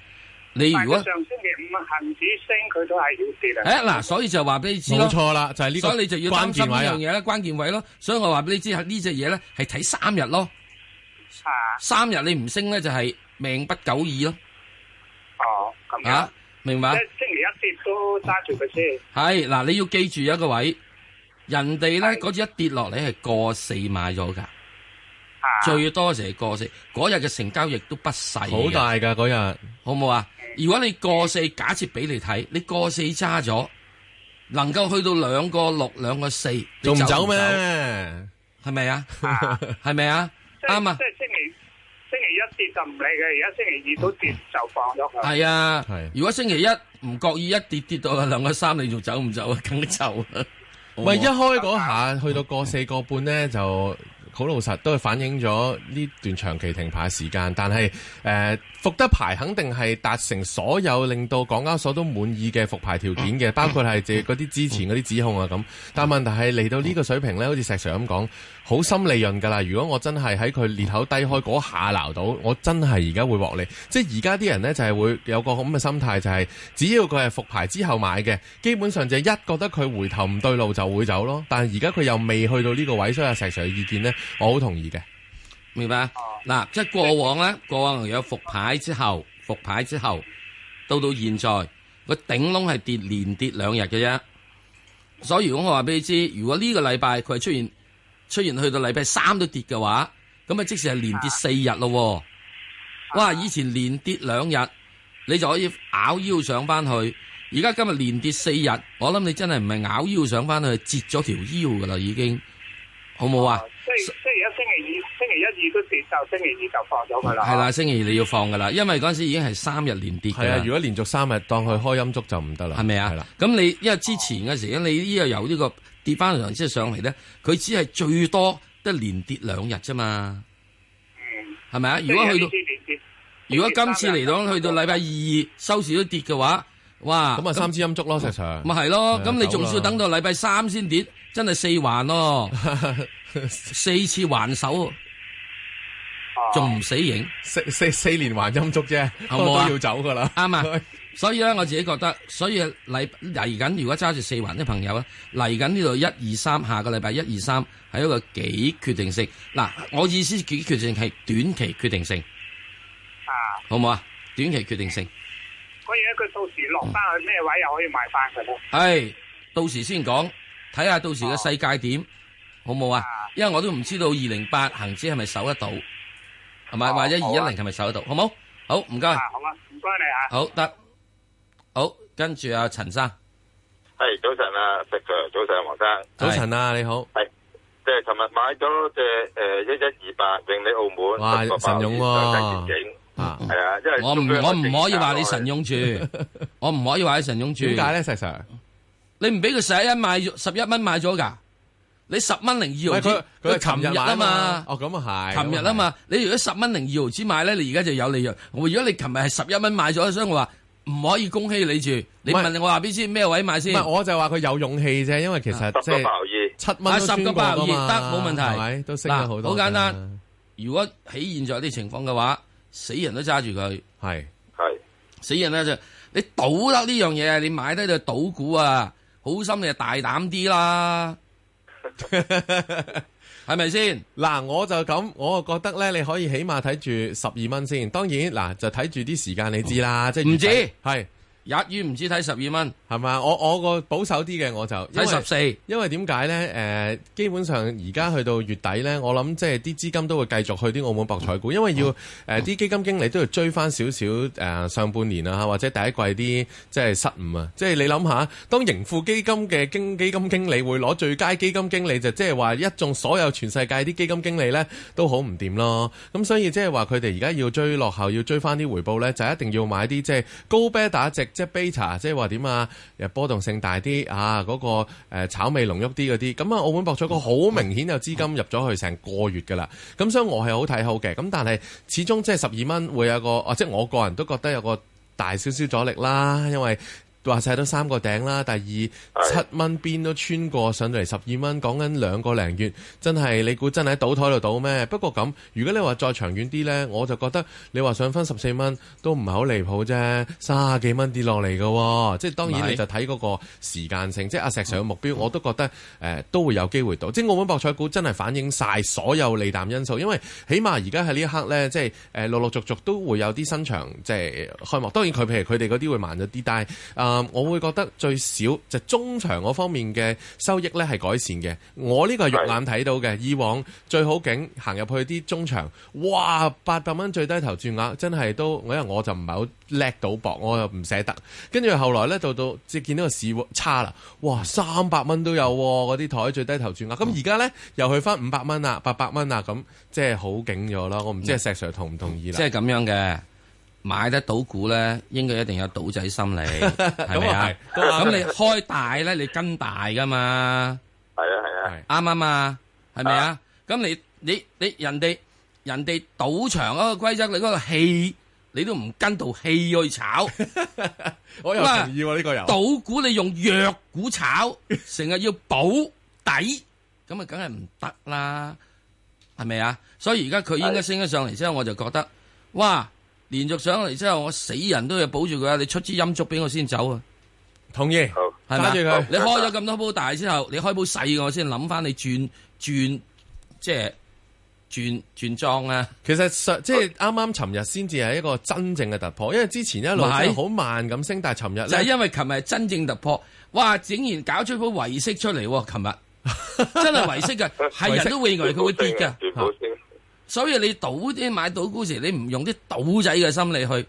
S5: 你如果上星期五啊恒
S6: 指升，佢都係要跌啦。誒嗱，
S5: 所以就話俾你知咯。冇錯啦，就係呢。所以你就要擔心呢樣嘢咧，關鍵位咯。所以我話俾你知，呢隻嘢咧係睇三日咯。
S6: 啊，
S5: 三日你唔升咧就係命不久矣咯。哦，
S6: 咁
S5: 樣，明白。即係
S6: 星
S8: 期一跌都揸住佢
S5: 先。係嗱，你要記住有一個位。人哋咧嗰次一跌落嚟，係過四買咗噶最多係過四。嗰日嘅成交亦都不細，好大噶嗰日。好唔好啊？如果你過四，假設俾你睇，你過四揸咗，能夠去到兩個六、兩個四，仲唔走咩？係咪啊？係咪啊？啱啊！即係星期星期一跌就唔理佢，而家
S8: 星期二都跌就
S5: 放咗佢。係啊，係。如果星期一唔覺意一跌跌到兩個三，你仲走唔走啊？梗係走唔係、啊、一開嗰下、啊、去
S1: 到個四個半咧、啊、就。好老實都係反映咗呢段長期停牌嘅時間，但係誒復得牌肯定係達成所有令到港交所都滿意嘅復牌條件嘅，包括係嗰啲之前嗰啲指控啊，咁。但係問題係嚟到呢個水平呢，好似，嗯，石 Sir 咁講，好心利潤噶啦。如果我真係喺佢裂口低開嗰下撈到，我真係而家會獲利。即係而家啲人呢，就係、是、會有個咁嘅心態，就係、是、只要佢係復牌之後買嘅，基本上就一覺得佢回頭唔對路就會走咯。但係而家佢又未去到呢個位，所以阿、啊、石 Sir 嘅意見呢。我好同意嘅，
S5: 明白？嗱、啊，即係過往咧，過往又有復牌之後，復牌之後到到現在個頂籠係跌，連跌兩日嘅啫。所以如果我話俾你知，如果呢個禮拜佢係出現出現去到禮拜三都跌嘅話，咁啊即時係連跌四日咯。哇！以前連跌兩日，你就可以咬腰上翻去。而家今日連跌四日，我諗你真係唔係咬腰上翻去，折咗條腰噶啦已經，好冇啊！
S6: 星期一、二都跌，就星期二就放
S5: 咗佢啦。係啦，星期二你要放噶啦，因為嗰陣時已經係三日連跌嘅。如果連續三日當佢開陰燭就唔得啦，係咪啊？係啦，咁你因為之前嘅時，你呢個由呢個跌翻上即係上嚟咧，佢只係最多得連跌兩日啫嘛。係咪啊？如果去到如果今次嚟講去到禮拜二收市都跌嘅話，哇！咁啊三支陰燭咯，石祥。咪係咯，咁你仲需要等到禮拜三先跌，真係四環咯，四次還手。仲唔死影？四四四連環陰燭啫，都都要走噶啦。啱啊！ 所以咧，我自己覺得，所以嚟嚟緊如果揸住四環啲朋友咧，嚟緊呢度一二三，下個禮拜一二三係一個幾決定性。嗱，我意思幾決定性係短期決定性啊。好唔好啊？短期決定性。
S8: 所以咧，佢到時落
S5: 翻去咩位又可以買翻佢。誒、嗯，到時先講，睇下到時嘅世界點，好唔好啊？因為我都唔知道二零八恒指係咪守得到。係咪或者一二一零係咪守喺度？好唔好？好唔該。好啊，
S6: 唔該你啊。好得，
S5: 好，跟住阿陳生。
S3: 係早晨啊，石 Sir，早晨黃生。
S5: 早晨啊，你好。係，即
S3: 係尋日買咗隻誒一一二八永利澳門。哇，神勇喎。
S5: 啊，係啊，因為我唔我唔可以話你神勇住，我唔可以話你神勇住。點解咧，石 Sir？你唔俾佢十一買十一蚊買咗噶？你十蚊零二毫紙，佢佢琴日啊嘛，哦
S1: 咁啊係，琴日啊嘛，
S5: 是是你如果十蚊零二毫紙買咧，你而家就有利潤。我如果你琴日係十一蚊買咗，所以我話唔可以恭喜你住。你係問我話邊先咩位買先？唔係，我就話佢有勇氣啫，因為其實、啊、即係是七蚊都穿過噶嘛，得冇、啊、問題，都升咗好多。好、啊、簡單，如果喺現在啲情況嘅話，死人都揸住佢，係係是是死人咧就你賭得呢樣嘢啊，你買得就賭股啊，好心你就大膽啲啦。
S1: 係咪先？嗱， 我就咁，我就覺得呢，你可以起碼睇住十二蚊先。當然，嗱就睇住啲時間，你知啦，嗯、即係唔知。係。日元唔止睇十二蚊，係嘛？我我個保守啲嘅我就睇十四，因為點解呢？誒，基本上而家去到月底呢，我諗即係啲資金都會繼續去啲澳門博彩股，嗯、因為要誒啲、嗯呃、基金經理都要追翻少少誒、呃、上半年啊，或者第一季啲即係失誤啊。即係你諗下，當盈富基金嘅經基金經理會攞最佳基金經理，就即係話一眾所有全世界啲基金經理呢都好唔掂咯。咁所以即係話佢哋而家要追落後，要追翻啲回報呢，就一定要買啲即係高啤打值。即係 Beta，即係話點啊？誒，波動性大啲啊，嗰個誒炒味濃郁啲嗰啲，咁啊，澳門博彩個好明顯有資金入咗去成個月㗎啦。咁所以我係好睇好嘅。咁但係始終即係十二蚊會有個，啊、即係我個人都覺得有個大少少阻力啦，因為。話晒都三個頂啦，第二七蚊邊都穿過，上到嚟十二蚊，講緊兩個零月，真係你估真係喺賭台度賭咩？不過咁，如果你話再長遠啲呢，我就覺得你話想分十四蚊都唔係好離譜啫，三幾蚊跌落嚟嘅，即係當然你就睇個個時間性。即係阿石 Sir 嘅目標，嗯嗯、我都覺得誒、呃、都會有機會到。即係澳門博彩股真係反映晒所有利淡因素，因為起碼而家喺呢一刻呢，即係誒、呃、陸陸續續都會有啲新場即係開幕。當然佢譬如佢哋嗰啲會慢咗啲，但係啊、嗯！我會覺得最少就是、中場嗰方面嘅收益呢係改善嘅。我呢個係肉眼睇到嘅。以往最好景行入去啲中場，哇！八百蚊最低頭轉額，真係都我因為我就唔係好叻到博，我又唔捨得。跟住後來呢，到到即係見到個市差啦，哇！三百蚊都有嗰啲台最低頭轉額。咁而家呢，又去翻五百蚊啦，八百蚊啦，咁即係好景咗啦。我唔知係石 Sir 同唔同意啦？即
S5: 係咁樣嘅。買得到股咧，應該一定有賭仔心理，
S1: 係
S6: 咪？咁 你
S5: 開大咧，你跟大噶嘛？係啦係啦，啱啱啊？係咪啊？咁、啊啊啊、你你你，你人哋人哋賭場嗰個規則，你嗰個氣你都唔跟到氣去炒，我又同呢個又。賭股你用弱股炒，成日要保底，咁啊，梗係唔得啦，係咪啊？所以而家佢應該升咗上嚟之後，我就覺得哇！連續上嚟之後，我死人都要保住佢啊！你出支陰燭俾我先走啊！同意，係咪？揸好住佢。你開咗咁多煲大之後，你開鋪細我先諗翻你轉轉，即係轉轉莊啊！
S1: 其實即係啱啱尋日先至係一個真正嘅突破，因為之前一路喺好慢咁升，是但係尋日就係因為琴日
S5: 真正突破，哇！竟然搞出鋪議息出嚟，琴日真係議息嘅，係 息人都會以為佢會跌噶。所以你賭啲買賭股時，你唔用啲賭仔嘅心理去，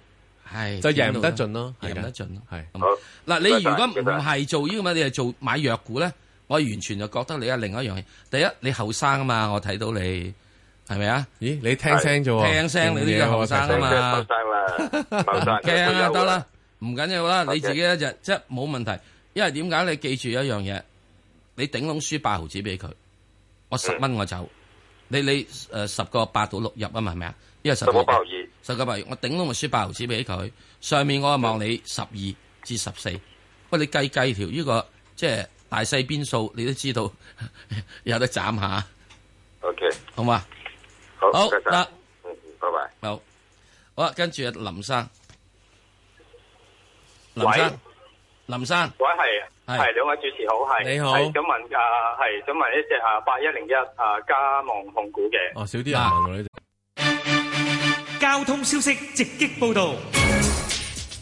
S5: 係就贏唔得盡咯，贏唔得盡咯。係好嗱，你如果唔係做呢個，你係做買藥股咧，我完全就覺得你係另外一樣嘢。第一，你後生啊嘛，我睇到你係咪啊？咦，你聽聲啫喎，聽聲你呢個後生啊嘛，後生啦，驚啊得啦，唔緊要啦，你自己一隻即係冇問題。因為點解你記住一樣嘢，你頂籠輸八毫子俾佢，我十蚊我走。你你誒，呃、十個八到六入啊嘛，係咪啊？因為十個八，二，十個八，二。我頂都咪輸八毫紙俾佢。上面我望你十二至十四，喂、哎，你計計條呢個即係、就是、大細邊數，你都知道有得斬下。OK，好嘛、嗯，好好，得，拜拜，好好，跟住阿林生，林生。林生，
S8: 我係係兩位主持好，係你好想問，誒係想問一隻啊八一零一啊加盟控股
S5: 嘅哦，少啲人行路
S6: 呢。
S8: 交
S2: 通消息直擊報道，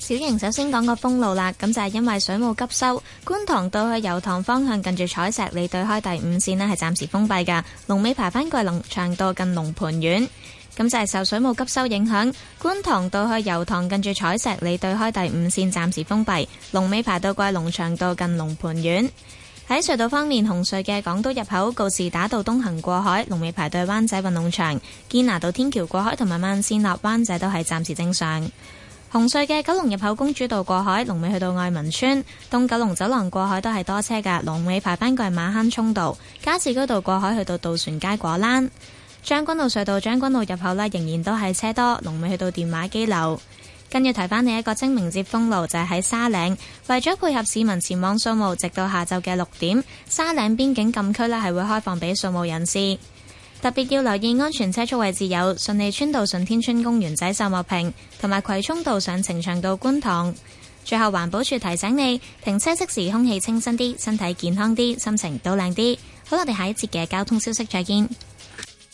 S7: 小瑩首先講個封路啦。咁就係因為水務急收，觀塘道去油塘方向近住彩石里對開第五線咧，係暫時封閉噶龍尾排翻過龍翔道近龍盤苑。咁就係受水務急收影響，觀塘道去油塘近住彩石里對開第五線暫時封閉，龍尾排到桂龍長道近龍蟠苑。喺隧道方面，紅隧嘅港島入口告士打道東行過海，龍尾排到灣仔運動場；堅拿道天橋過海同埋慢線落灣仔都係暫時正常。紅隧嘅九龍入口公主道過海，龍尾去到愛民村；東九龍走廊過海都係多車嘅，龍尾排翻過馬坑涌道；加士居道過海去到渡船街果欄。將軍澳隧道將軍澳入口呢，仍然都係車多，龍尾去到電話機樓。跟住提翻你一個清明節封路，就係、是、喺沙嶺。為咗配合市民前往掃墓，直到下晝嘅六點，沙嶺邊境禁區呢係會開放俾掃墓人士。特別要留意安全車速位置有順利村道、順天村公園仔莫平、秀茂坪同埋葵涌道上呈祥道、觀塘。最後環保署提醒你，停車熄匙空氣清新啲，身體健康啲，心情都靚啲。好啦，我哋下一節嘅交通消息再見。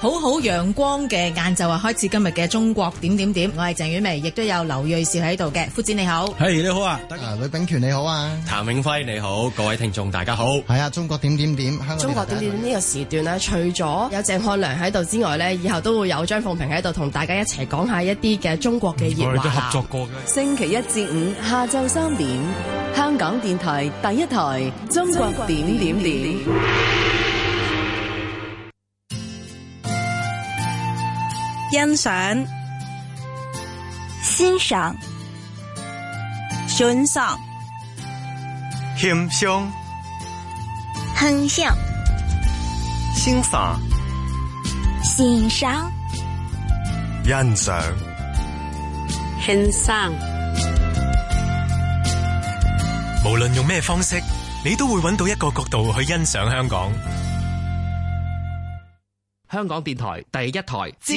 S2: 好好陽光嘅晏晝啊，開始今日嘅中國點點點。我係鄭婉薇，亦都有劉瑞兆喺度嘅。夫子你好，係、
S3: hey, 你好啊，得啊、呃，李炳權你好啊，譚永輝你好，各位聽眾大家好。係啊，中國點點點，香港電台中國點點
S2: 點呢個時段咧，除咗有鄭漢良喺度之外咧，以後都會有張鳳平喺度同大家一齊講一下一啲嘅中國嘅熱話題。星期一至五下晝三點，香港電台第一台《中國點點點,點》。欣賞、欣賞、
S3: 欣賞、
S7: 欣賞、欣賞、
S2: 欣賞、
S1: 欣賞、
S2: 欣賞，
S1: 無論用咩方式，
S3: 你都會搵到一個角度去欣賞香港。
S4: 香港電台第一
S5: 台自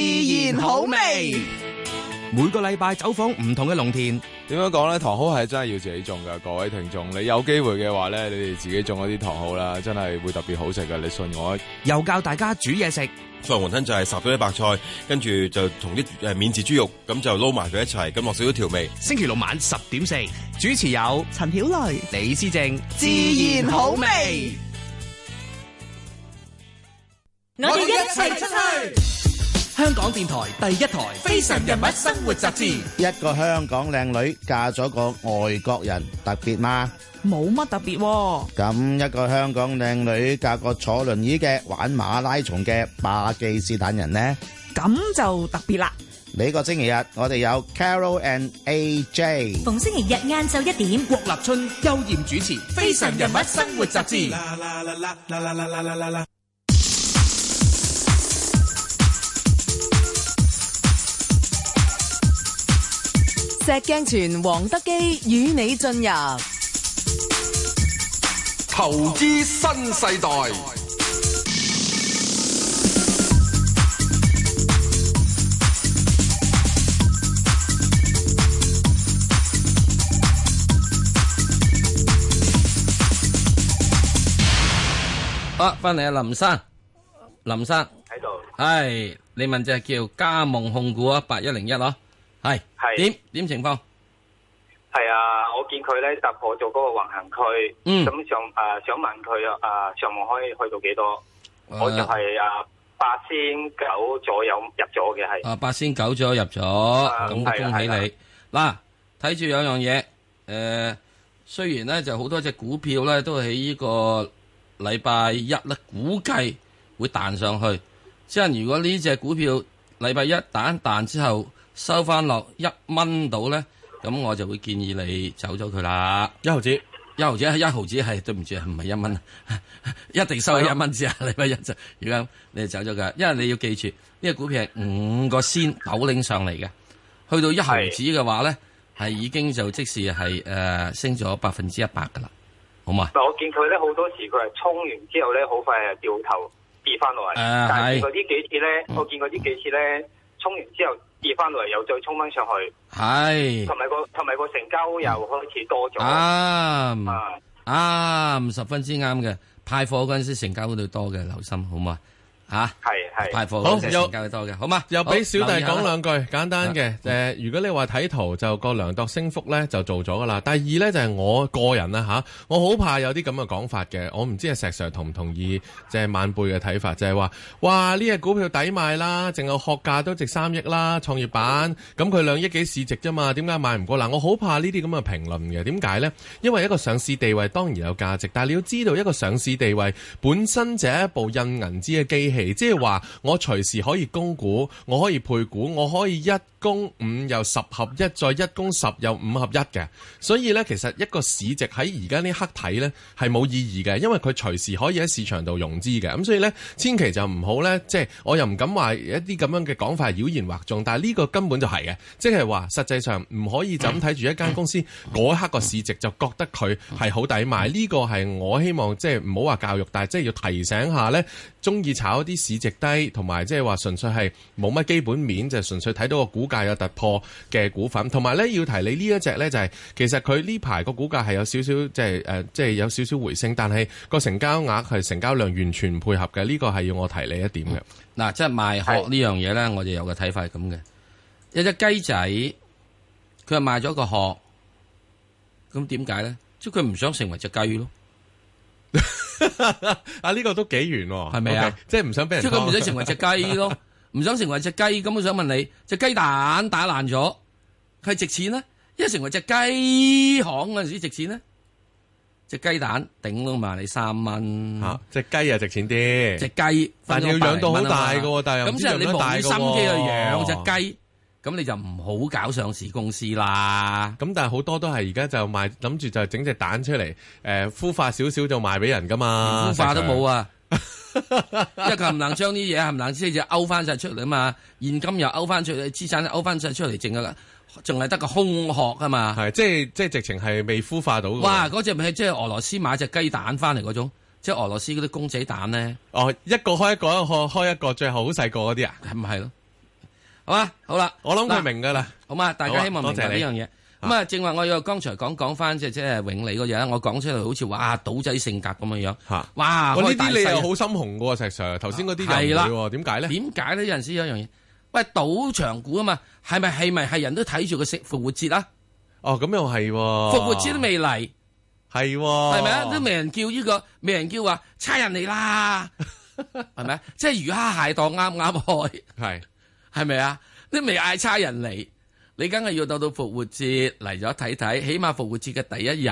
S5: 然好味，
S1: 每
S5: 個禮拜走訪
S1: 唔同嘅農田。點樣講咧？糖好係真係要自己種噶，各位聽眾，你有機會嘅話咧，你哋自己種一啲糖好啦，真係會特別好食噶。你信我。又教大家煮嘢食，
S4: 菜雲吞就係十朵啲白菜，跟住就同啲誒免治豬肉，咁就撈埋佢一齊，咁落少少調味。星期六晚十點四，主持有陳曉蕾、李思正，自
S6: 然好味。我哋一齊出
S1: 去！香港電台第一台《非常人物生活雜誌》。一個
S3: 香港靚女嫁咗個外國人，特別嗎？
S2: 冇乜特別。咁
S3: 一個香港靚女嫁個坐輪椅嘅、玩馬拉松嘅巴基斯坦人呢？咁就特別啦！呢個星期日我哋有 Carol and AJ。
S2: 逢星期日晏晝一點，郭立春休演主持《非常人物
S8: 生活雜誌》。
S2: 石鏡泉、黃德幾與你進入
S1: 投資新世代。
S5: 啊，返嚟啊，林生，林生喺度。係，你問隻叫加盟控股啊，八一零一哦。係係點點情況？
S8: 係啊，我見佢咧突破咗嗰個橫行區，咁想誒，想問佢啊，上網可以去到幾多？
S5: 啊、我就係
S8: 啊八千九左右入咗嘅，係
S5: 啊八千九咗入咗，咁、嗯、恭喜你嗱。睇住，啊啊、有樣嘢，誒、呃，雖然咧就好多隻股票咧都喺呢個禮拜一咧估計會彈上去，即係如果呢隻股票禮拜一彈彈之後。收翻落一蚊到咧，咁我就會建議你走咗佢啦。一毫子，一毫子係一毫子係，對唔住係唔係一蚊， 一定收係一蚊紙啊！你咪一就，而家你係走咗嘅，因為你要記住，呢、這個股票係五個仙扭擰上嚟嘅，去到一毫子嘅話咧，係是是已經就即時係誒升咗百分之一百噶啦，好嘛？嗱、呃，我
S3: 見
S8: 佢咧好多時佢係衝完之後咧好快係掉頭
S5: 跌翻落嚟，但係呢啲幾次咧，我
S8: 見過呢幾次咧。嗯衝完之後跌翻落嚟，又再衝翻上去，
S6: 係同
S8: 埋個同埋個成交又開始多咗
S6: 啊！啊，
S5: 啊，十分之啱嘅，派貨嗰陣時成交會多嘅，留心好唔好啊？吓，係係，好，嘅，好嘛？又俾小弟講兩
S1: 好句，簡單嘅，誒是，
S5: 呃、如果你話睇圖
S1: 就個量度升幅咧就做咗噶啦。第二咧就係、是、我個人啦吓、啊，我好怕有啲咁嘅講法嘅，我唔知阿石 Sir 同唔同意？即係晚輩嘅睇法，就係、是、話，哇，呢隻股票抵買啦，淨有殼價都值三億啦，創業板，咁佢兩億幾市值啫嘛，點解買唔過？嗱，我好怕這這呢啲咁嘅評論嘅，點解咧？因為一個上市地位當然有價值，但係你要知道一個上市地位本身就係一部印銀紙嘅機器。即係話我隨時可以供股，我可以配股，我可以一供五又十合一，再一供十又五合一嘅。所以呢，其實一個市值喺而家呢一刻睇咧，係冇意義嘅，因為佢隨時可以喺市場度融資嘅。咁所以呢，千祈就唔好呢，即係我又唔敢話一啲咁樣嘅講法妖言惑眾，但係呢個根本就係嘅，即係話實際上唔可以就咁睇住一間公司嗰、嗯嗯、一刻個市值就覺得佢係好抵買。呢、嗯、個係我希望即係唔好話教育，但係即係要提醒下呢。中意炒啲市值低同埋即係話純粹係冇乜基本面，就純粹睇到個股價有突破嘅股份。同埋呢，要提你呢一隻呢，就係、是、其實佢呢排個股價係有少少即係、即係呃即係、有少少回升，但係個成交額係成交量完全唔配合嘅。呢、呢個係要我提你一點嘅。
S5: 嗱、嗯，即係賣殼呢樣嘢呢，是我就有個睇法係咁嘅。一隻雞仔，佢賣咗個殼，咁點解呢？即係佢唔想成為隻雞咯。 啊！呢、這個都幾圓喎，哦，係咪啊？Okay, 即係唔想俾人，即佢唔想成為隻雞咯，唔 想成為隻雞。咁我想問你，隻雞蛋打爛咗，係值錢呢？一成為隻雞行嗰陣時值錢呢？隻雞蛋頂到埋你三蚊吓，隻雞又值錢啲，隻雞，但係要養到好大嘅，但係又咁即係你冇心機去養隻雞。哦咁你就唔好搞上市公司
S1: 啦。咁但係好多都係而家就賣，諗住就整隻蛋出嚟，誒孵化少少就賣俾人噶嘛。孵化都冇呼啊，
S5: 即係佢唔能將啲嘢，唔能即隻勾翻晒出嚟啊嘛。現金又勾翻出嚟，資產勾翻晒出嚟，剩噶啦，淨係得個空殼啊嘛。係即係即係直情係未孵化到。哇！嗰隻咪即係俄羅斯買隻雞蛋翻嚟嗰種，即係俄羅斯嗰啲公仔蛋咧。哦，一個開一個，一個開開一,一個，最後好細個嗰啲啊，係咪係咯？嗯嗯嗯好啊，好啦，我諗佢明噶啦。好嘛，大家希望明白呢樣嘢。咁啊，正話我要剛才講講翻即係即係永利嗰嘢我講出嚟好似話賭仔性格咁嘅樣。吓，哇！呢啲你又好心紅嘅，石 Sir 頭先嗰啲又唔會點解咧？點解呢？有陣時有一樣嘢，喂，賭場股啊嘛，係咪係咪係人都睇住個復活節啊？哦，咁又係復活節都未嚟，係係咪啊？都未人叫呢個，未人叫話差人嚟啦，係咪啊？即係魚蝦蟹檔啱啱開，係。係咪啊？你未嗌差人嚟，你梗係要到到復活節嚟咗睇睇，起碼復活節嘅第一日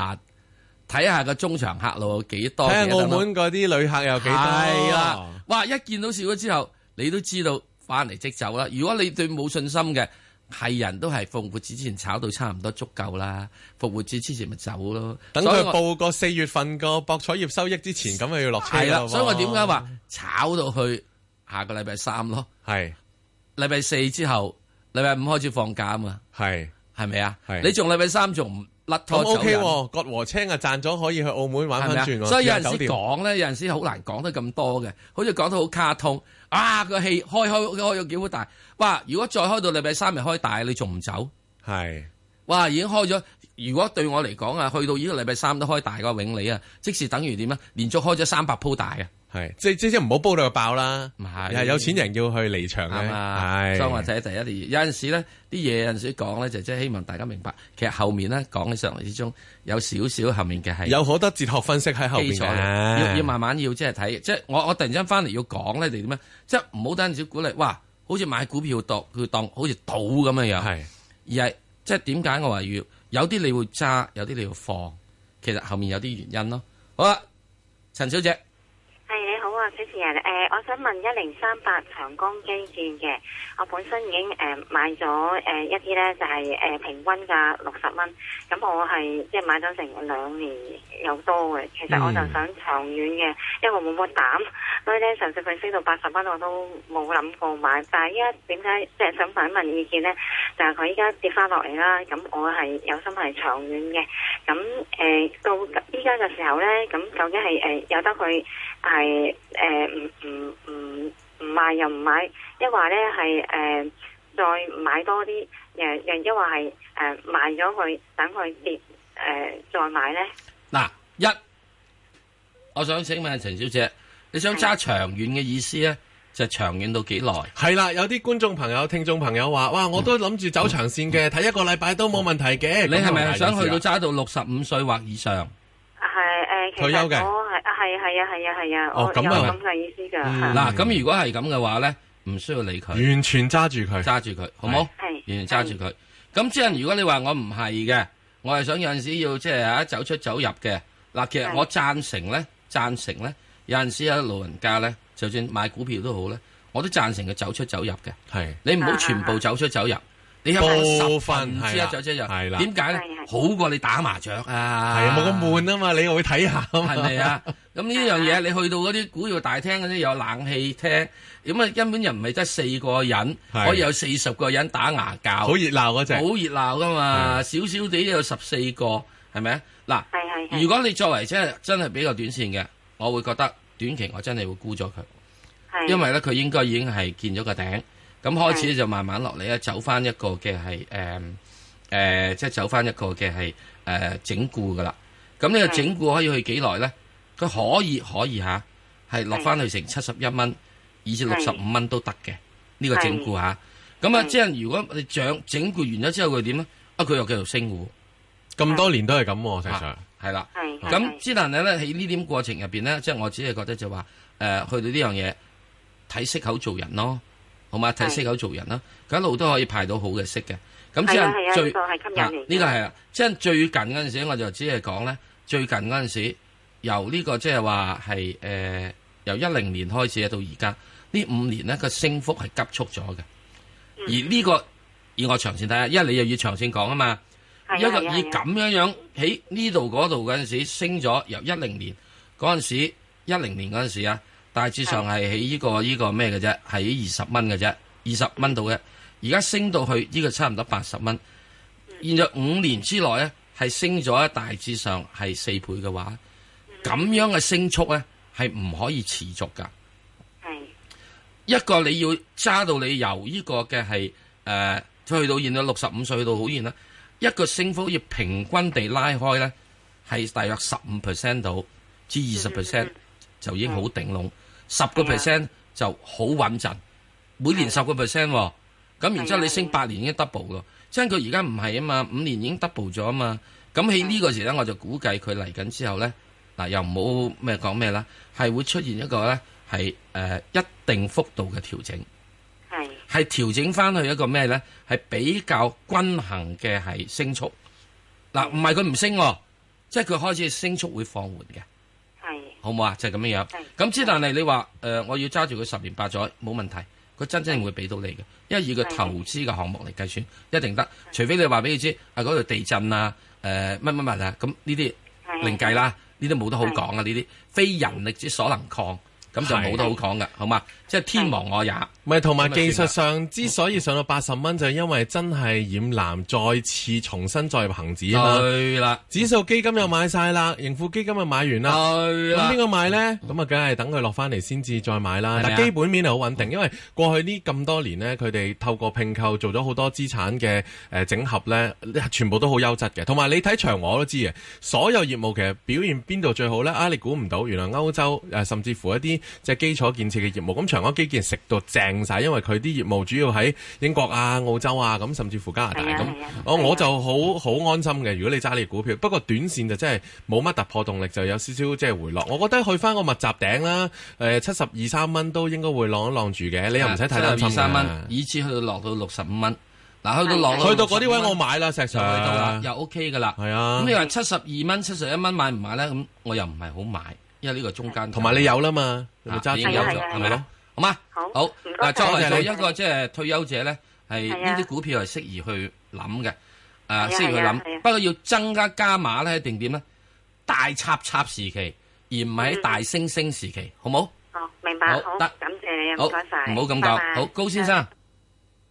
S5: 睇下個中場客路有幾多，睇澳門嗰啲旅客有幾多。係啊，哦、哇！一見到少咗之後，你都知道翻嚟即走啦。如果你對冇信心嘅係人都係復活節之前炒到差唔多足夠啦，復活節之前咪走咯。等佢報個四月份個博彩業收益之前，咁咪要落車咯。係啦、啊啊，所以我點解話炒到去下個禮拜三咯是？係。禮拜四之後，禮拜五開始放假啊嘛，係係咪啊？係你仲禮拜三仲唔甩拖走人？OK，割禾青啊，賺咗可以去澳門玩返轉、啊、所以有陣時講咧，有陣時好難講得咁多嘅，好似講得好卡通啊！氣個戲開開開到幾好大，哇！如果再開到禮拜三咪開大，你仲唔走？係哇是，已經開咗。如果對我嚟講啊，去到呢個禮拜三都開大個永利啊，即係等於點啊？連續開咗三百鋪大啊！係，即即即唔好煲到佢爆啦。唔係是，有錢人要去離場㗎嘛？係吧。莊話仔第一年，有陣時咧，啲嘢有陣時講咧，就即、是、係希望大家明白，其實後面咧講起上嚟之中有少少後面嘅係有好多哲學分析喺後邊嘅，要要慢慢要即係睇。即係我我突然之間翻嚟要講咧，就點咧？即係唔好單止鼓勵，哇，好似買股票當佢當好似賭咁樣樣，係是。而係即係點解我話要有啲你會揸，有啲你要放？其實後面有啲原因咯。好啦，陳小姐。
S7: 主持人，誒、嗯，我想問一零三八長江基建嘅，我本身已經誒買咗誒一啲咧，就係誒平均價六十蚊，咁我係即係買咗成兩年有多嘅。其實我就想長遠嘅，因為冇乜膽，所以咧上次佢升到八十蚊我都冇諗過買。但係依家點解即係想反問意見咧？就係佢依家跌翻落嚟啦，咁我係有心係長遠嘅。咁誒到依家嘅時候咧，咁究竟係誒有得佢係？誒，唔唔唔唔賣又唔買，一話咧係誒再買多啲，誒又一話係誒賣咗佢，等佢跌，誒、呃、再買咧。嗱，一，
S5: 我想請問陳小姐，你想揸長遠嘅意思咧，就係、長遠到幾
S1: 耐？係啦，有啲觀眾朋友、聽眾朋友話，哇，我都諗住走長線嘅，睇一個禮拜都冇問
S5: 題嘅。你係咪想去到揸到六十五歲或以上？
S7: 係誒，退休嘅。係啊係啊係啊係啊，哦，咁咁嘅意思噶。嗱，咁
S5: 如果係咁嘅話咧，唔需要理佢，完全揸住佢，揸住佢，好冇？係，
S1: 完全揸住佢。
S5: 咁即係如果你話我唔係嘅，我係想有陣時要即係啊走出走入嘅。嗱，其實我贊成咧，贊成咧，有陣時啊老人家咧，就算買股票都好咧，我都贊成佢走出走入嘅。係，你唔好全部走出走入，你有部分知啊走出走入。係啦，點解好過你打麻雀啊，係啊，冇咁悶啊嘛，你會睇下，係咪啊？咁呢樣嘢，嗯啊、你去到嗰啲股票大廳嗰啲有冷氣廳，咁啊根本又唔係得四個人，是可以有四十個人打牙鉸，好熱鬧嗰隻，好熱鬧噶嘛，少少都有十四個，係咪嗱。如果你作為即係真係比較短線嘅，我會覺得短期我真係會沽咗佢，
S6: 是因為呢，
S5: 佢應該已經係見咗個頂，咁、嗯、開始咧是就慢慢落嚟咧，走翻一個嘅係誒誒，即係走翻一個嘅係誒整固噶啦。咁呢個整固可以去幾耐呢？佢可以可以嚇，係落翻去成七十一蚊，以至六十五蚊都得嘅，
S4: 呢個整固嚇。
S5: 咁啊，即係如果你漲整固完咗之後，佢點咧？啊，佢又繼續升股，咁多年都係咁喎。其實係啦，咁之但係咧，喺呢點過程入邊咧，即係我只係覺得就話誒去到呢樣嘢睇息口做人咯，好嘛？睇息口做人啦，佢一路都可以派到好嘅息嘅。咁之，最吸引呢個係啊。即係最近嗰陣時，我就只係講咧最近嗰陣時。由呢個即係話係誒由一零年開始啊，到而家呢五年咧，個升幅係急速咗嘅。而呢個以我長線睇下，因為你又要長線講啊嘛，
S6: 一個以
S5: 咁樣樣喺呢度嗰度嗰陣時升咗，由一零年嗰陣時，一零年嗰陣時啊，大致上係喺呢個呢個咩嘅啫，係二十蚊嘅啫，二十蚊到嘅。而家升到去呢個差唔多八十蚊，現在五年之內咧係升咗啊，大致上係四倍嘅話。咁樣嘅升速咧，係唔可以持續噶。係的一個你要揸到你由呢個嘅係誒去到現去到六十五歲到好遠啦。一個升幅要平均地拉開咧，係大約十五 percent 到至二十 percent 就已經好頂籠。十個 percent 就好穩陣，的每年十個 percent 咁，哦、的然之後你升八年已經 double 咯。因為佢而家唔係啊嘛，五年已經 double 咗啊嘛。咁喺呢個時咧，我就估計佢嚟緊之後咧。的嗱，又唔好咩講咩啦，係會出現一個咧，係誒一定幅度嘅調整，係係的調整翻去一個咩咧？係比較均衡嘅係升速。嗱的，唔係佢唔升，即係佢開始升速會放緩嘅，
S6: 係
S5: 的好唔好啊？就係咁樣樣。咁之但係你話誒、呃，我要揸住佢十年八載，冇問題，佢真真正會俾到你嘅，因為以佢投資嘅項目嚟計算的一定得，除非你話俾佢知啊，嗰度地震啊，誒乜乜乜啊，咁呢啲另計啦。的的呢啲冇得好講啊！呢啲非人力之所能抗，咁就冇得好講㗎，的好嘛？即係天亡我也，咪同埋技術
S1: 上之所以上到八十蚊，就係因為真係染藍再次重新再行指啊嘛，對啦、哎，指數基金又買晒啦，盈富基金又買完啦，咁邊個買呢？咁啊，梗係等佢落翻嚟先至再買啦。哎、但基本面係好穩定，啊、因為過去呢咁多年呢佢哋透過拼購做咗好多資產嘅，誒整合呢全部都好優質嘅。同埋你睇長我都知嘅，所有業務其實表現邊度最好呢？啊，你估唔到，原來歐洲誒甚至乎一啲即係基礎建設嘅業務咁我基建食到正晒，因為佢啲業務主要喺英國啊、澳洲啊，咁甚至乎加拿大咁、 嗯。我我就好好安心嘅。如果你揸你隻股票，不過短線就真係冇乜突破動力，就有少少即係回落。我覺得去翻個密集頂啦，誒七十二三蚊都應該會浪一浪住嘅。你又唔使睇到七十二三蚊，
S5: 以至去到落到六十五蚊。嗱，的去到落去到嗰啲位，我買啦，對石上到啦，又 OK 㗎啦。係啊的，咁你話七十二蚊、七十一蚊買唔買咧？咁我又唔係好買，因為呢個中間同埋你有啦嘛，揸住有咗好嘛？好，嗱，作為做一個即係退休者咧，係呢啲股票係適宜去諗嘅，誒，適宜去諗。不過要增加加碼咧，一定點咧？大插插時期，而唔係喺大升升時期，好冇？哦，
S6: 明白，好，唔該晒。好，唔好咁講。好，高
S5: 先生，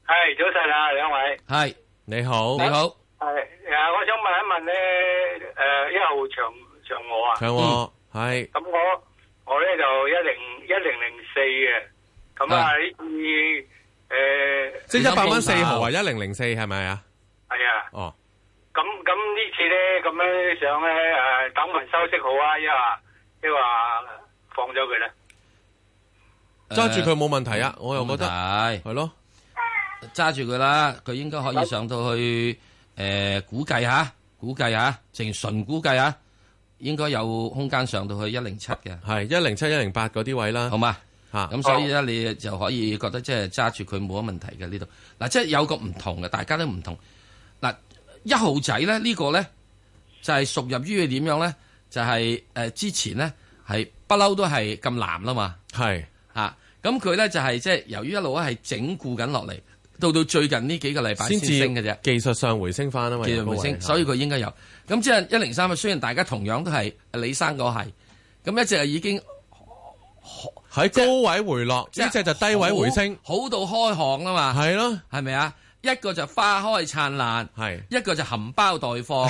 S8: 係早晨
S5: 啊，兩位。係你好，你好。
S8: 係，誒，我想問一問咧，誒，一
S5: 號長長和啊？長和係。咁我我咧就
S1: 一零一零零四嘅。
S8: 咁啊！二誒，即係一百蚊四毫啊，
S1: 一零零四係咪啊？係啊。哦。咁咁呢次咧，
S8: 咁樣上咧誒，等佢休息
S5: 好啊，一話
S1: 一話放咗佢咧。揸住佢冇問題啊！我又覺得
S5: 係係咯，揸住佢啦。佢應該可以上到去誒，估計吓，估計吓，成純估計吓，應該有空間上到去一零七嘅。係一零七一零八嗰啲位啦，好嘛？咁、啊、所以咧，你就可以覺得即係揸住佢冇乜問題嘅呢度。嗱、啊，即係有個唔同嘅，大家都唔同。嗱、啊，一號仔咧，這個、呢個咧就係、是、屬入於佢點樣咧，就係、是、誒、呃、之前咧係不嬲都係咁藍啦嘛。係是啊，咁佢咧就係即係由於一路咧係整固緊落嚟，到到最近呢幾個禮拜先至升嘅啫。技術上回升翻嘛。技術上回升，所以佢應該有。咁即係一零三啊，雖然大家同樣都係李生嗰係，咁一直係已經。喺高位回落，呢隻就低位回升，好到開行啦嘛。係咯，係咪啊？一個就花開燦爛，係一個就含苞待放。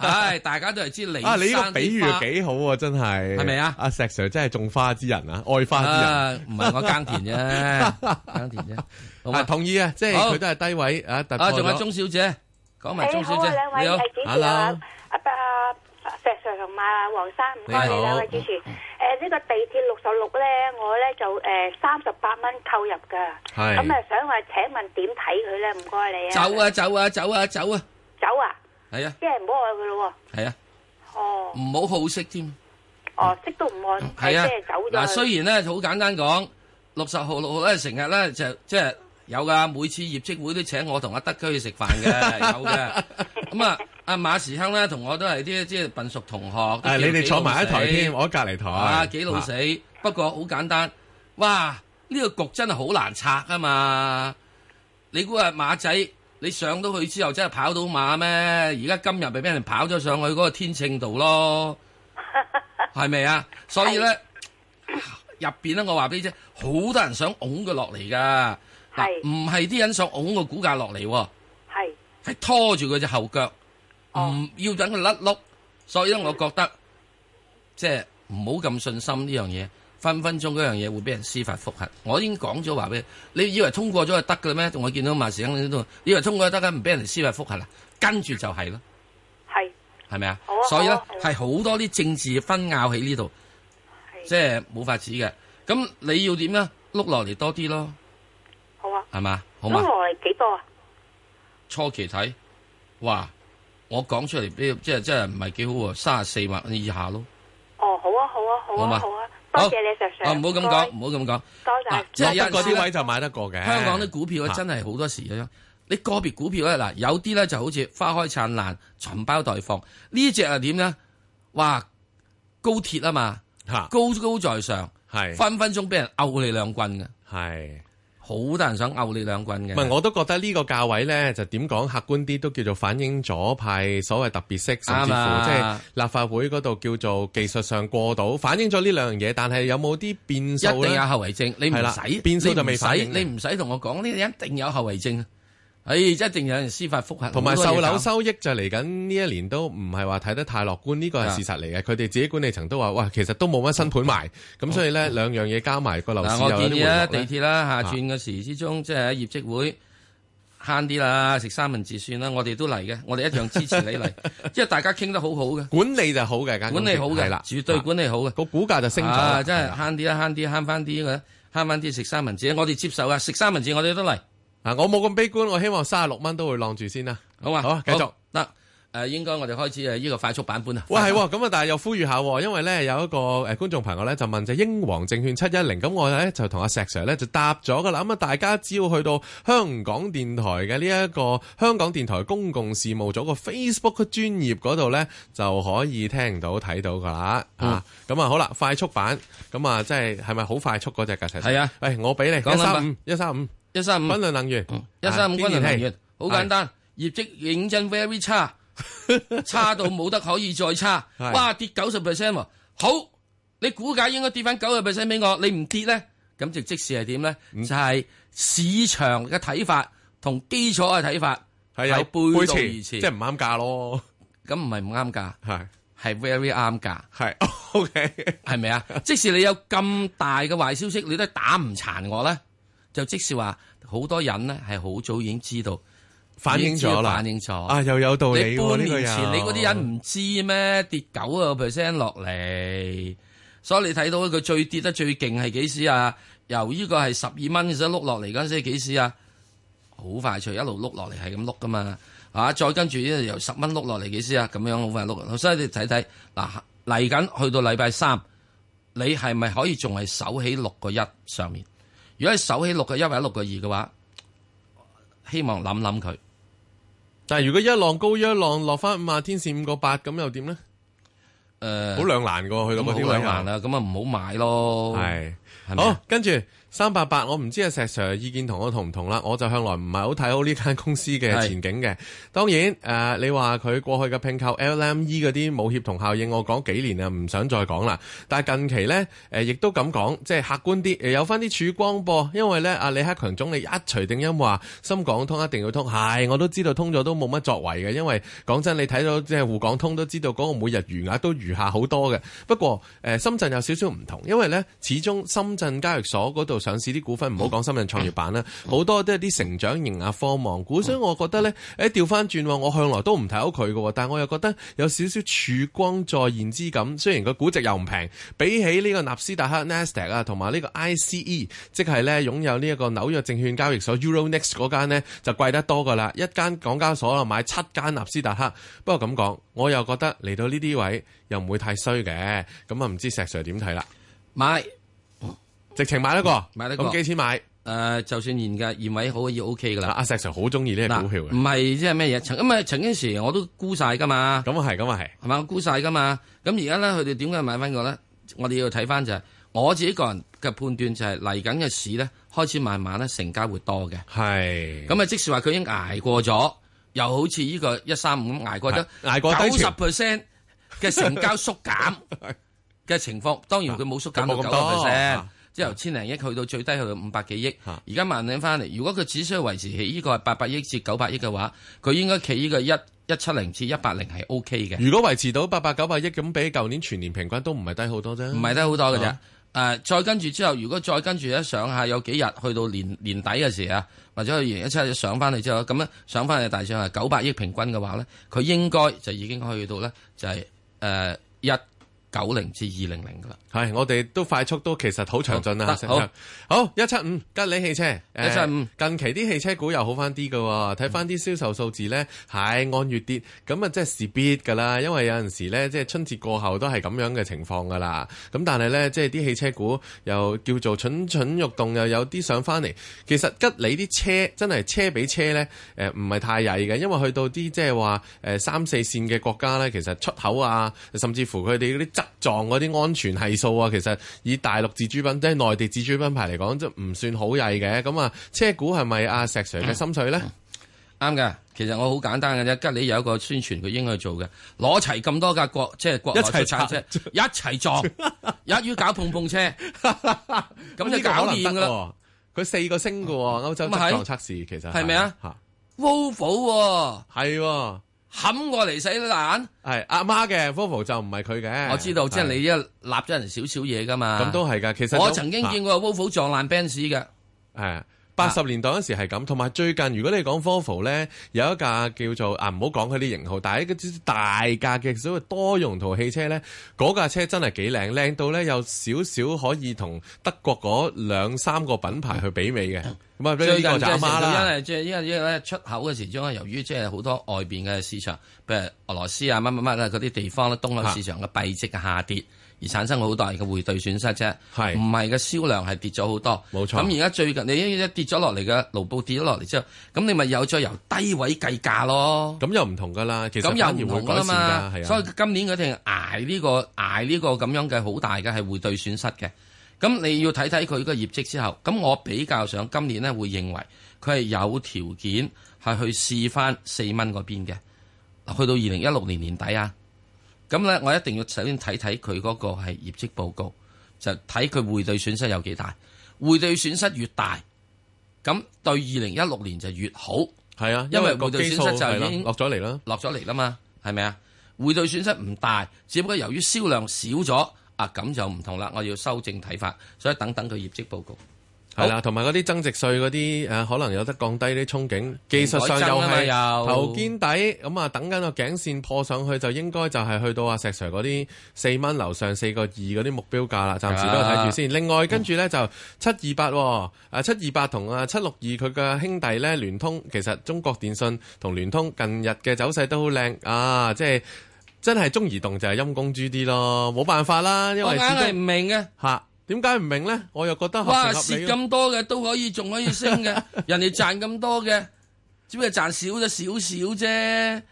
S5: 唉，大家都係知你啊。你呢個比喻幾
S1: 好啊，真係。係咪啊？阿石 sir 真係種花之人啊，愛花之人。唔係我耕田啫，耕田啫。同埋同意啊，即係佢都係低位啊。啊，仲有鍾
S5: 小姐，講埋鍾小姐。
S3: 誒，好啊，兩
S6: 位
S1: 係
S3: 主持啊，阿阿石 sir 同埋黃生，唔該你兩位主持。
S7: 誒，呢
S6: 個
S5: 地鐵六
S7: 十六咧，我咧就誒三十
S5: 八蚊購入噶，咁啊想話請問點睇佢咧？唔該你啊，走啊走
S7: 啊走啊走啊，走啊，係啊，即係唔好愛佢
S5: 咯喎，係啊，哦，唔好好色添，哦，色都唔愛，係啊，走咗。嗱，雖然咧好簡單講，六十號六號咧成日咧就即係有噶，每次業績會都請我同阿德幾去食飯嘅，有嘅，咁啊。阿、啊、馬時亨咧，同我都係啲即係笨熟同學。誒、啊，你哋坐埋一台添，我隔籬台。啊，幾老死，啊、不過好簡單。哇，呢、這個局真係好難拆啊嘛！你估啊馬仔，你上到去之後真係跑到馬咩？而家今日被俾人跑咗上去嗰個天秤度咯，係咪 啊？所以咧，入邊咧，我話俾你知，好多人想拱佢落嚟噶。係。唔係啲人想拱個股價落嚟，係係是是拖住佢隻後腳。唔、嗯、要等佢甩碌，所以咧，我覺得即係唔好咁信心呢樣嘢，分分鐘嗰樣嘢會俾人司法複核。我已經講咗話俾你，你以為通過咗就得噶咩？我見到麻醒喺度以為通過就得啦，唔俾人司法複核啦，跟住就係咯，係係咪啊？所以咧，係好多啲政治嘅分拗喺呢度，即係冇法子嘅。咁你要點咧？碌落嚟多啲咯，好啊，係嘛？好嘛？嚟幾多啊？初期睇，哇！我講出嚟，即係即係唔係幾好啊？三十四萬以下咯。
S3: 哦，好啊，好
S5: 啊，好啊，好啊，多
S3: 謝你石 Sir。啊，唔好咁講，唔
S5: 好咁講，多謝。落得嗰啲位就買得過嘅。香港啲股票咧，真係好多時，你個別股票咧，嗱，有啲咧就好似花開燦爛，含苞待放。呢隻係點咧？哇，高鐵啊嘛，吓高高在上，係分分鐘俾人毆你兩棍嘅，係。好多人想勾你兩棍嘅。唔係我
S1: 都覺得呢個價位咧，就點講客觀啲都叫做反映咗派所謂特別色，甚至乎即係立法會嗰度叫做技術上過度反映咗呢兩樣嘢。但係有冇啲變數？一定有後遺症，你唔使變數就未使，你唔
S5: 使同我講，呢啲一定有後遺症。哎，一定有人司法覆核。同埋售樓收益就
S1: 嚟緊呢一年都唔係話睇得太樂觀，呢個係事實嚟嘅。佢哋自己管理層都話，哇，其實都冇乜新盤賣。咁所以咧，兩樣嘢加埋個樓市有啲回落。嗱，我建議咧，地鐵啦下轉
S5: 嘅時之中，即係喺業績會慳啲啦，食三文治算啦。我哋都嚟嘅，我哋一樣支持你嚟，即係大家傾得好好嘅。管理就好嘅，管理好嘅，絕對管理好嘅，個股價就升咗。真係慳啲啦，慳啲慳翻啲嘅，慳翻啲食三文治，我哋接受啊，食三文治我哋都嚟。啊！我冇咁悲觀，我希望三十六蚊都會晾住先啦。好啊，好，繼續得誒、呃，應該我哋開始誒呢個快速版本啊。哇，
S1: 係咁啊！但係又呼籲下，因為咧有一個誒觀眾朋友咧就問就英皇證券七一零，咁我咧就同阿石 Sir 咧就答咗噶啦。咁啊，大家只要去到香港電台嘅呢一個香港電台公共事務組個 Facebook 專頁嗰度咧，就可以聽到睇到噶啦。吓、嗯，咁啊，啊好啦，快速版，咁啊即係係咪好快速嗰隻噶？係啊，喂，我俾你講一三五一三五。說 1,
S5: 一三五昆侖能源，一三五昆侖能源，好簡單，業績認真 very 差，差到冇得可以再差，哇跌九十 percent 喎，好，你估計應該跌返九十 percent 俾我，你唔跌咧，咁就即使係點咧？就係市場嘅睇法同基礎嘅睇法係背道而馳，即係唔啱價咯，咁唔係唔啱價，係係 very 啱價，係，OK，係咪啊？即使你有咁大嘅壞消息，你都打唔殘我咧。就即是話，好多人咧係好早已經，已經知道反應咗啦，反應咗啊，又有道理啊。半年前你嗰啲人唔知咩跌九個 percent 落嚟，所以你睇到佢最跌得最勁係幾時啊？由呢個係十二蚊開始碌落嚟嗰陣時幾時啊？好快脆一路碌落嚟係咁碌噶嘛，啊！再跟住呢度由十蚊碌落嚟幾時啊？咁樣好快碌，所以你睇睇嗱嚟緊去到禮拜三，你係咪可以仲係守起六個一上面？如果係守起六個一或者六個二嘅話，希望諗諗佢。但係如果一浪高一浪
S1: 落翻五、呃、啊，天線五個八咁又點咧？誒，好兩難過，去咁啊，好兩難啊，咁啊唔好買咯。係，好跟住。三八八，我唔知阿石 Sir 意見同我同唔同啦，我就向來唔係好睇好呢間公司嘅前景嘅。是當然，誒、呃、你話佢過去嘅併購 LME 嗰啲冇協同效應，我講幾年啊，唔想再講啦。但係近期呢，誒、呃、亦都咁講，即係客觀啲、呃，有返啲曙光噃。因為呢，阿李克強總理一錘定音話深港通一定要通，係、哎、我都知道通咗都冇乜作為嘅，因為講真，你睇到即係滬港通都知道嗰、那個每日餘額都餘下好多嘅。不過，誒、呃、深圳有少少唔同，因為呢，始終深圳交易所嗰度。上市啲股份唔好講深圳創業板啦，好 多都係啲成長型啊科網股，所以我覺得咧，誒，調翻轉，我向來都唔睇好佢嘅，但係我又覺得有少少曙光再現之感。雖然個估值又唔平，比起呢個納斯達克 Nasdaq 啊，同埋呢個 ICE，即係咧擁有呢一個紐約證券交易所 EuroNext 嗰間呢，就貴得多噶啦。一間港交所啊，買七間納斯達克。不過咁講，我又覺得嚟到呢啲位又唔會太衰嘅，咁啊唔知石 Sir 點睇
S5: 啦？買。直情買得過，買得咁幾錢買？誒，就算現價現位好，亦 O K 噶啦。阿石 Sir 好中意呢隻股票嘅，唔係即係咩嘢？曾咁啊，曾經時我都沽晒噶嘛。咁啊係，咁啊係，係嘛？我沽晒噶嘛。咁而家咧，佢哋點解買翻個咧？我哋要睇翻就係我自己個人嘅判斷就係嚟緊嘅市咧，開始慢慢咧成交會多嘅。係咁啊，即使話佢已經捱過咗，又好似呢個一三五捱過咗，捱過九十 percent 嘅成交縮減嘅情況，當然佢冇縮減咁多 percent。即由千零億去到最低去到五百幾億，而家萬零翻嚟。如果佢只需要維持起呢個係八百億至九百億嘅話，佢應該企呢個一一七零至一八零係 OK 嘅。如果維持到八百九百億咁，比舊年全年平均都唔係低好多啫。唔係低好多嘅啫。誒 Yeah.、呃，再跟住之後，如果再跟住一上下有幾日去到年年底嘅時啊，或者一七零上翻嚟之後，咁樣上翻嚟大上係九百億平均嘅話咧，佢應該就已經去到咧就係誒一。呃 1, 九零至二零零噶啦，係我哋都快速都其實好詳盡啦。好，一七五吉利汽車，一七五
S1: 近期啲汽車股又好翻啲噶喎，睇翻啲銷售數字呢，係、嗯哎、按月跌，咁啊即係是時必噶啦，因為有陣時呢，即係春節過後都係咁樣嘅情況噶啦。咁但係呢，即係啲汽車股又叫做蠢蠢欲動，又有啲想翻嚟。其實吉利啲車真係車比車呢，誒唔係太曳嘅，因為去到啲即係話誒三四線嘅國家呢，其實出口啊，甚至乎佢哋啲。撞嗰啲安全係數啊，其實以大陸自主品即係內地自主品牌嚟講，即唔算好曳嘅。咁啊，車股
S5: 係咪阿石 Sir 嘅心水咧？啱嘅，其實我好簡單嘅啫。吉利有一個宣傳，佢應該做嘅，攞齊咁多架國即係國內出產車，一齊撞，一於搞碰碰車，咁就搞掂噶。佢四
S1: 個星噶，歐洲七撞測試其實係咪啊？Woof，係喎。冚過嚟
S5: 洗爛，係阿媽嘅。Volvo 就唔係佢嘅，我知道。是即係你一立咗人少少嘢噶嘛，咁都係噶。其實我曾經見過 Volvo 撞爛 Benz 嘅，係、啊。八十年
S1: 代嗰時係咁，同埋最近如果你講豐田咧，有一架叫做啊，唔好講佢啲型號，但係一個大架嘅所謂多用途汽車咧，嗰架車真係幾靚，靚到咧有少少可以同德國嗰兩三個品牌去媲美嘅。咁啊、嗯，比、嗯、近就啱啦。因為即、
S5: 就、係、是、因為因為咧出口嘅時候，由於即係好多外邊嘅市場，譬如俄羅斯啊乜乜乜啊嗰啲地方咧，東歐市場嘅幣值嘅下跌，啊而產生好大嘅匯兌損失啫，係唔係嘅銷量係跌咗好多？冇錯。咁而家最近你一跌咗落嚟嘅盧布跌咗落嚟之後，咁你咪有再由低位計價咯？咁又唔同㗎啦，其實當然唔同改善㗎，係啊。所以今年一定捱呢、呢個捱呢個咁樣嘅好大嘅係匯兌損失嘅。咁你要睇睇佢個業績之後，咁我比較上今年咧會認為佢係有條件係去試翻四蚊嗰邊嘅。去到二零一六年年底啊。咁咧，我一定要首先睇睇佢嗰個係業績報告，就睇佢匯兌損失有幾大，匯兌損失越大，咁對二零一六年就越好。係啊，因為，因為匯兌損失就已經落咗嚟啦，落咗嚟啦嘛，係咪啊？匯兌損失唔大，只不過由於銷量少咗，啊咁就唔同啦，我要修正睇法，所以等等佢業績報告。係啦，同埋嗰啲增值稅嗰啲，誒、啊，
S1: 可能有得降低啲憧憬。技術上又係頭肩底，咁、嗯、啊，等緊個頸線破上去就應該就係去到阿石 Sir 嗰啲四蚊樓上四個二嗰啲目標價啦。
S6: 暫時都睇住
S1: 先。另外跟住呢就七二八，誒，七二八同啊七六二佢嘅兄弟呢，聯通其實中國電信同聯通近日嘅走勢都好靚啊！即、就、係、是、真係中移動就係陰公豬啲咯，冇辦法啦，因為我硬係唔明嘅吓。啊點解唔明咧？我又覺得哇，蝕咁
S5: 多嘅都可以，仲可以升嘅。 人哋賺咁多嘅，只不過賺少咗少少啫。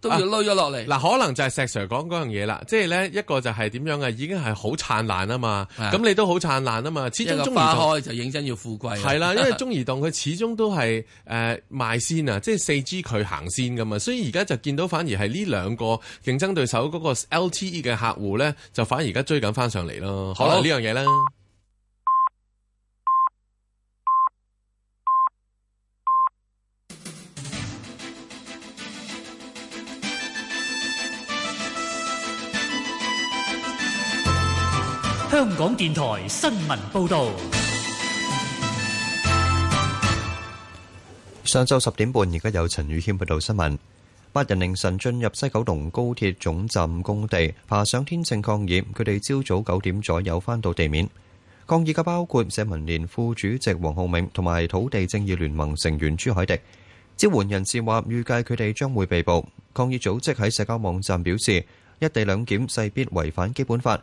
S5: 都要撈咗落嚟
S1: 嗱，可能就係石 Sir 講嗰樣嘢啦，即係咧一個就係點樣啊，已經係好燦爛啊嘛，咁、啊、你都好燦爛啊嘛，始終中，中移開開
S5: 就認真要富貴係啦，因為
S1: 中移動佢始終都係誒、呃、賣先啊，即係四 G 佢行先噶嘛，所以而家就見到反而係呢兩個競爭對手嗰個 LTE 嘅客戶咧，就反而而家追緊返上嚟咯，可能呢樣嘢啦。啊啊
S4: 香港電台新聞報道：上周十點半，而家有陳宇謙報道新聞。八人凌晨進入西九龍高鐵總站工地，爬上天秤抗議。佢哋朝早九點左右翻到地面。抗議嘅包括社民連副主席黃浩銘同埋土地正義聯盟成員朱海迪。支援人士話，預計佢哋將會被捕。抗議組織喺社交網站表示：一地兩檢勢必違反基本法。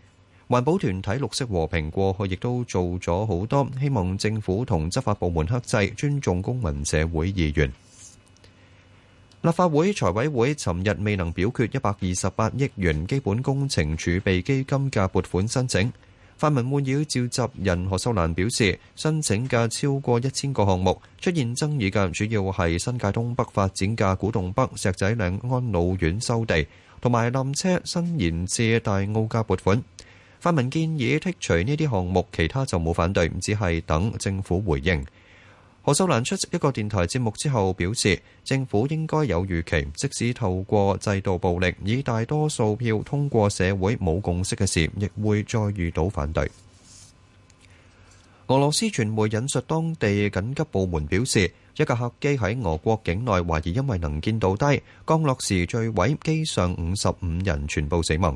S4: 環保團體綠色和平過去亦都做咗好多，希望政府同執法部門克制，尊重公民社會意願。立法會財委會尋日未能表決一百二十八億元基本工程儲備基金嘅撥款申請。泛民會議召集人何秀蘭表示，申請嘅超過一千個項目出現爭議嘅，主要係新界東北發展嘅古洞北石仔嶺安老院收地，同埋纜車新延至大澳加撥款。泛民建議剔除呢啲項目，其他就冇反對，唔止係等政府回應。何秀蘭出席一個電台節目之後表示，政府應該有預期，即使透過制度暴力，以大多數票通過社會冇共識嘅事，亦會再遇到反對。俄羅斯傳媒引述當地緊急部門表示，一架客機喺俄國境內，懷疑因為能見度低降落時墜毀，機上五十五人全部死亡。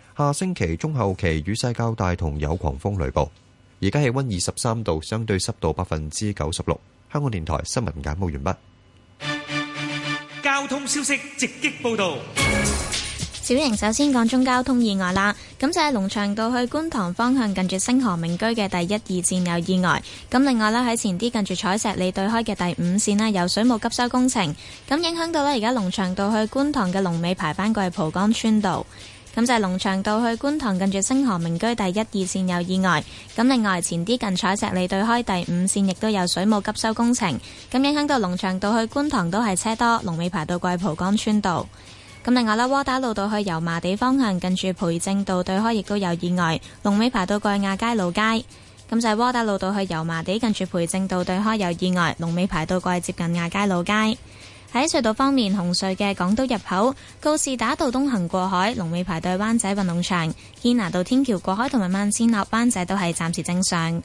S4: 下星期中後期雨勢較大，同有狂風雷暴。而家氣温二十三度，相對濕度百分之九十六。香港電台新聞簡報完畢。
S2: 交通消息直擊
S4: 報道。
S7: 小瑩首先講中交通意外啦。咁就喺龍翔道去觀塘方向，近住星河明居嘅第一二線有意外。咁另外咧喺前啲，近住彩石里對開嘅第五線咧有水務急修工程，咁影響到咧而家龍翔道去觀塘嘅龍尾排班，過去蒲崗村道。咁就係龍翔道去觀塘近住星河明居第一二線有意外，咁另外前啲近彩石里對開第五線亦都有水務急修工程，咁影響到龍翔道去觀塘都係車多，龍尾排到過蒲崗村道。咁另外啦，窩打老道去油麻地方向近住培正道對開亦都有意外，龍尾排到過亞皆老街。咁就係窩打老道去油麻地近住培正道對開有意外，龍尾排到過接近亞皆老街。喺隧道方面，紅隧嘅港島入口告士打道東行過海龍尾排到灣仔運動場，堅拿道天橋過海同埋萬善立灣仔都係暫時正常。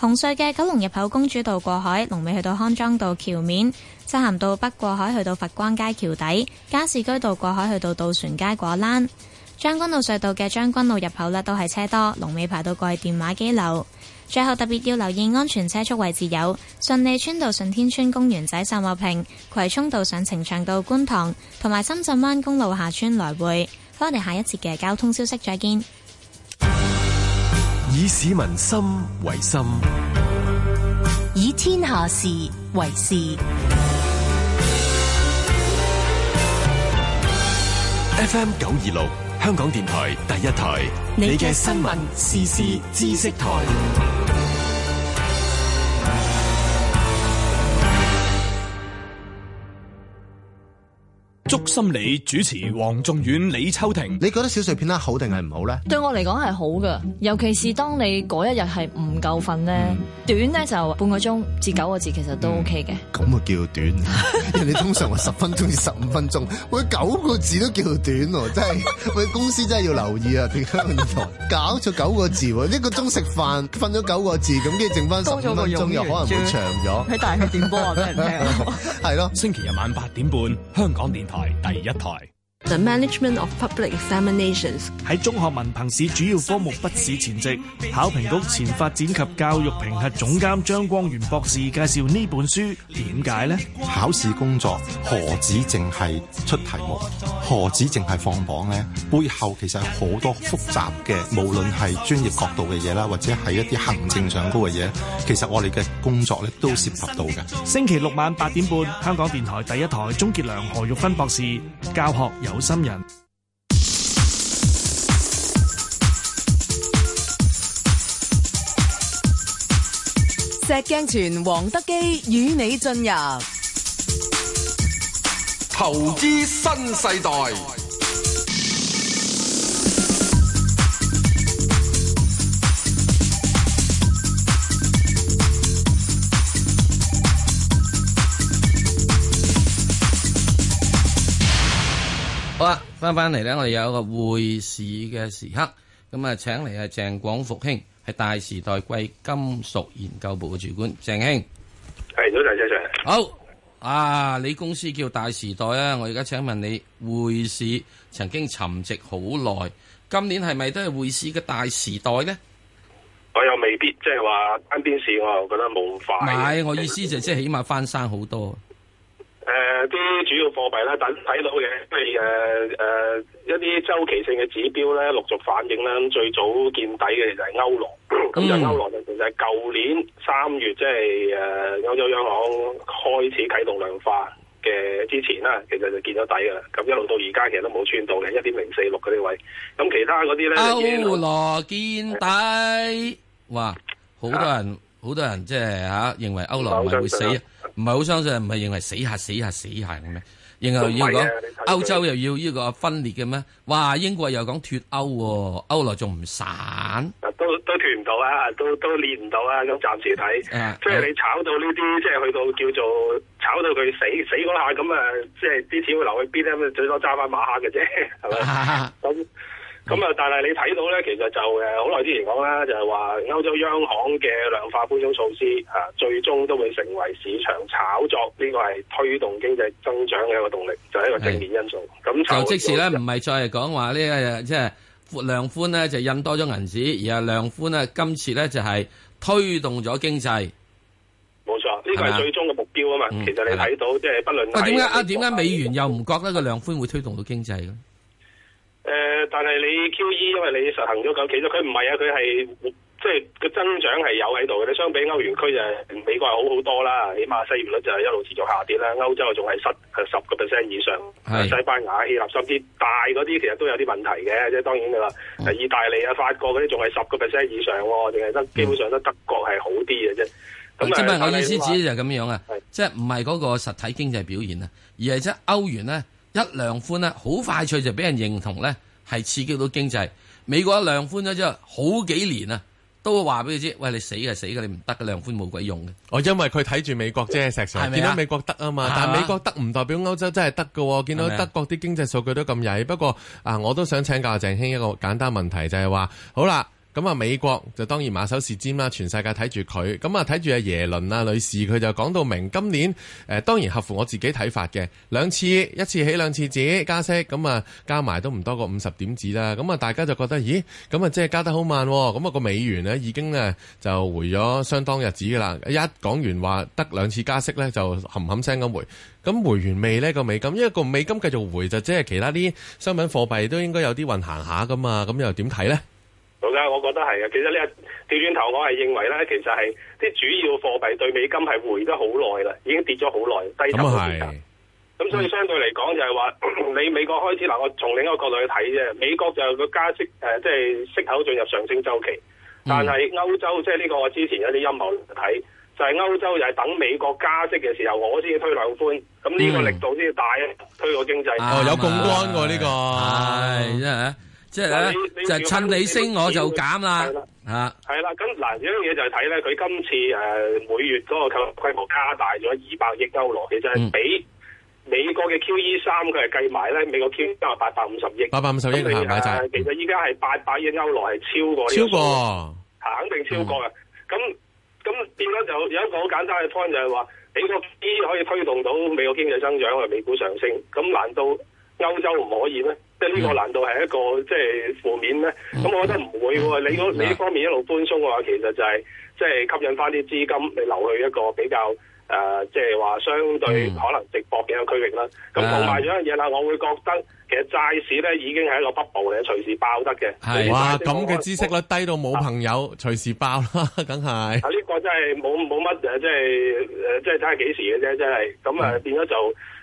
S7: 紅隧嘅九龍入口公主道過海龍尾去到康莊道橋面，漆咸道北過海去到佛光街橋底，加士居道過海去到渡船街果欄，將軍澳隧道嘅將軍澳入口呢都係車多，龍尾排到過去電話機樓。最後特別要留意安全車速位置有順利村道、順天村公園仔、秀茂坪、葵涌道上呈祥道、觀塘同埋深圳灣公路下村來回。返嚟下一節嘅交通消息再見。
S1: 以市民心為心，
S7: 以天下事為事。
S4: FM 九二六。香港電台第一
S1: 台，你嘅的 新聞時事知識台。祝心理主持黃仲遠李秋婷，你覺得小碎片啦好定係唔好咧？
S7: 對我嚟講係好噶，尤其是當你嗰一日係唔夠瞓咧，短咧就半個鐘至九個字，其實都 OK 嘅。
S1: 咁啊叫短，人哋通常話十分鐘至十五分鐘，喂，九個字都叫短，真係。喂，公司真係要留意啊！香港電台搞咗九個字，一個鐘食飯瞓咗九個字，咁跟住剩翻十分鐘又可能會長咗。喺大氣電波啊！話俾人聽係咯，星期日晚八
S3: 點半，
S8: 香港電台。第一台。
S2: The management of public examinations.
S8: 喺中學文憑試主要科目筆試前夕，考評局前發展及教育評核總監
S4: 張光元博士介紹呢本書點解呢？考試工作何止淨係出題目，何止淨係放榜呢？背後其實好多複
S8: 雜嘅，無論係專業角度嘅嘢啦，或者係一啲行政上高嘅嘢，其實我哋
S4: 嘅工作咧都涉及到嘅。
S8: 星期六晚八點半，香港電台第一台，鍾杰良、何玉芬博士教學。有心人，
S2: 石鏡泉、黃德幾與你進入
S1: 投資新世代。
S5: 好啦，翻翻嚟咧，我哋有一個匯市嘅時刻，咁啊，請嚟啊。鄭廣福兄，係大時代貴金屬研究部嘅主管，鄭兄，係、yes,，早晨，多謝，好啊，你公司叫大時代啊，我而家請問你匯市曾經沉寂好耐，今年係咪都係匯市嘅大時代呢？
S8: 我又未必即係話單邊市，就是、我又覺得冇咁快，唔
S5: 係，我意思就即、是、係起碼翻生好多。
S8: 誒啲、呃、主要貨幣咧，等睇到嘅，即係誒誒一啲周期性嘅指標咧，陸續反映啦。咁最早見底嘅就係歐羅，咁、嗯、就歐羅就係舊年三月，即係誒歐洲央行開始啟動量化嘅之前啦，其實就見咗底噶啦。咁一路到而家，其實都冇穿到嘅，一點零四六嗰啲位。咁其他嗰啲咧，歐
S5: 羅見底，嗯、哇！好多人，好、啊、多人即係嚇，認為歐羅咪會死。啊啊啊唔係好相信，唔係認為死下死下死下嘅咩？然後要講歐洲又要呢個分裂嘅咩？哇！英國又講脫歐，歐羅仲唔散？
S8: 都都脫唔到啊！都都練唔到啊！咁暫時睇，即係、呃、你炒到呢啲，即係去到叫做炒到佢死死嗰下，咁啊，即係啲錢會留喺邊咧？最多揸翻馬下嘅啫，係咪？咁。 咁啊！嗯嗯、但係你睇到咧，其實就誒好耐之前講啦，就係話歐洲央行嘅量化寬鬆措施啊，最終都會成為市場炒作呢、這個係推動經濟增長嘅一個動
S5: 力，就係、是、一個正面因素。咁的樣就即時咧，唔係再係講話呢誒，即係寬量寬呢，就印多咗銀紙，而係量寬呢，今次呢就係推動咗經濟
S8: 冇錯，呢個係最終嘅目標啊嘛！的其實你睇到即係不論點解啊？
S5: 點解、啊、美元又唔覺得個量寬會推動到經濟嘅？
S8: 誒， 但係你 QE，因為你實行咗夠，其實佢唔係啊，佢係即係個增長係有喺度嘅。你相比歐元區就係、是、美國係好好多啦，起碼失業率就係一路持續下跌啦。歐洲仲係十十個 percent 以上，是西班牙、希臘甚至大嗰啲其實都有啲問題嘅。即係當然你話、嗯、意大利啊、法國嗰啲仲係十個 percent 以上，淨係得基本上都德國係好啲嘅啫。咁即係我意思話指
S5: 就係咁樣啊，即係唔係嗰個實體經濟表現啊，而係即係歐元咧。一量寬咧，好快脆就俾人認同咧，係刺激到經濟。美國一量寬咗之後，好幾年啊，都會話俾佢知，喂，你死嘅死嘅，你唔得嘅量寬冇鬼用嘅。哦，因為佢睇住美國啫，石 Sir，見到美國得啊嘛，是是但係美國
S1: 得唔代表歐洲真係得嘅喎，見到德國啲經濟數據都咁曳。不過啊，我都想請教鄭兄一個簡單問題，就係、是、話，好啦。咁啊，美國就當然馬首是瞻啦，全世界睇住佢。咁啊，睇住阿耶倫啊女士，佢就講到明今年誒、呃，當然合乎我自己睇法嘅兩次，一次起兩次止加息。咁啊，加埋都唔多過五十點子啦。咁啊，大家就覺得咦，咁啊，即係加得好慢。咁啊，個美元呢已經呢就回咗相當日子噶啦。一講完話得兩次加息呢，就冚冚聲咁回。咁回完未呢？個美金，因為個美金繼續回就即係其他啲商品貨幣都應該有啲運行下噶嘛。咁又點睇呢？
S8: 好嘅，我覺得係啊。其實呢，一調轉頭我係認為咧，其實係啲主要貨幣對美金係回得好耐啦，已經跌咗好耐，低沉咁係。所以相對嚟講，就係話你美國開始嗱，我從另一個角度去睇啫。美國就個加息誒，即係息口進入上升周期。但係歐洲即係呢個我之前有啲陰謀睇，就係歐洲就係等美國加息嘅時候，我先推量寬。咁呢個力度先大，推到經濟。哦，有共鳴
S5: 喎呢個。係，即係咧，啊、就趁你升我就減啦，吓
S8: 係啦。咁嗱、啊，呢樣嘢就係睇咧，佢今次誒、呃、每月嗰個規模加大咗二百億歐羅，其實係比美國嘅 Q E 三佢係計埋咧，美國 Q E 三係八百五十億，八百五十億係咪啊？其實依家係八百億歐羅係超過，超過肯定超過嘅。咁咁變咗就有一個好簡單嘅 point 就係話，美國 Q E 可以推動到美國經濟增長，係美股上升。咁難道？歐洲唔可以咩？即係呢個難道係一個即係、就是、負面咩？咁、嗯、我覺得唔會喎。你呢方面一路寬鬆嘅話，其實就係即係吸引翻啲資金，你流去一個比較誒，即係話相對可能值博嘅一個區域啦。咁同埋咗樣嘢啦，我會覺得其實債市咧已經係一個 bubble 嚟嘅，隨時爆得嘅。係
S1: 哇，咁嘅孳息率低到冇朋友，隨時爆啦，梗係。啊！呢
S8: 個真係冇冇乜誒，即係誒，即係睇下幾時嘅啫，真係咁啊，變咗就。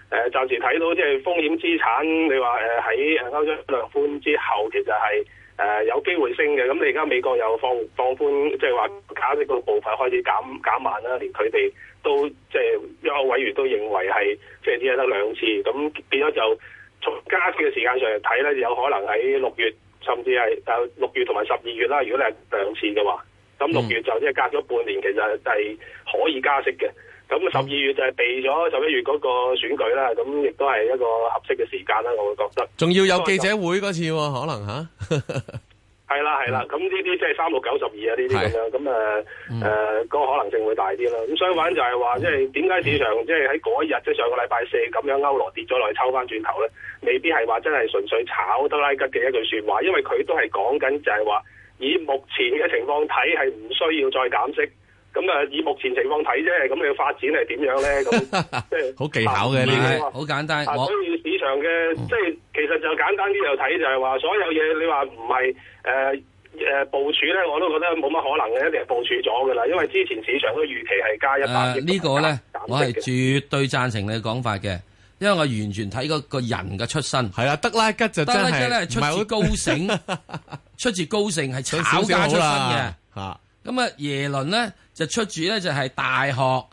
S8: 誒、呃，暫時睇到即係風險資產，你話誒喺歐洲量寬之後，其實係誒、呃、有機會升嘅。咁你而家美國又放放寬，即係話加息嗰部分開始減減慢啦。連佢哋都即係、就是、一個委員都認為係即係只係得兩次。咁變咗就從加息嘅時間上嚟睇咧，有可能喺六月甚至係誒六月同埋十二月啦。如果你係兩次嘅話，咁六月就即係隔咗半年，其實係可以加息嘅。咁十二月就係避咗十一月嗰個選舉啦，咁亦都係一個合適嘅時間啦，我會覺得。仲要有記
S1: 者會嗰次，可能吓。
S8: 係啦係啦，咁呢啲即係三六九十二啊，呢啲咁樣，咁誒誒個可能性會大啲啦。咁相反就係話，即係點解市場即係喺嗰一日即係上個禮拜四咁樣歐羅跌咗落去，抽翻轉頭咧，未必係話真係純粹炒德拉吉嘅一句說話，因為佢都係講緊就係話，以目前嘅情況睇，係唔需要再減息。咁啊，以目前情況睇啫，咁你嘅發展係點樣咧？
S6: 咁即係好技巧嘅，呢咧
S5: 好簡單。所以市
S8: 場嘅即係其實就簡單啲，就睇就係話所有嘢，你話唔係誒誒部署咧，我都覺得冇乜可能嘅，一定係部署咗㗎啦。因為之前市場嘅預期係加
S5: 一百點。呢個咧，我係絕對贊成你嘅講法嘅，因為我完全睇個個人嘅出身。係啊，德拉吉就真係唔出好高盛，出自高盛係炒家出身嘅。嚇咁啊，耶倫咧。就出住咧就係大學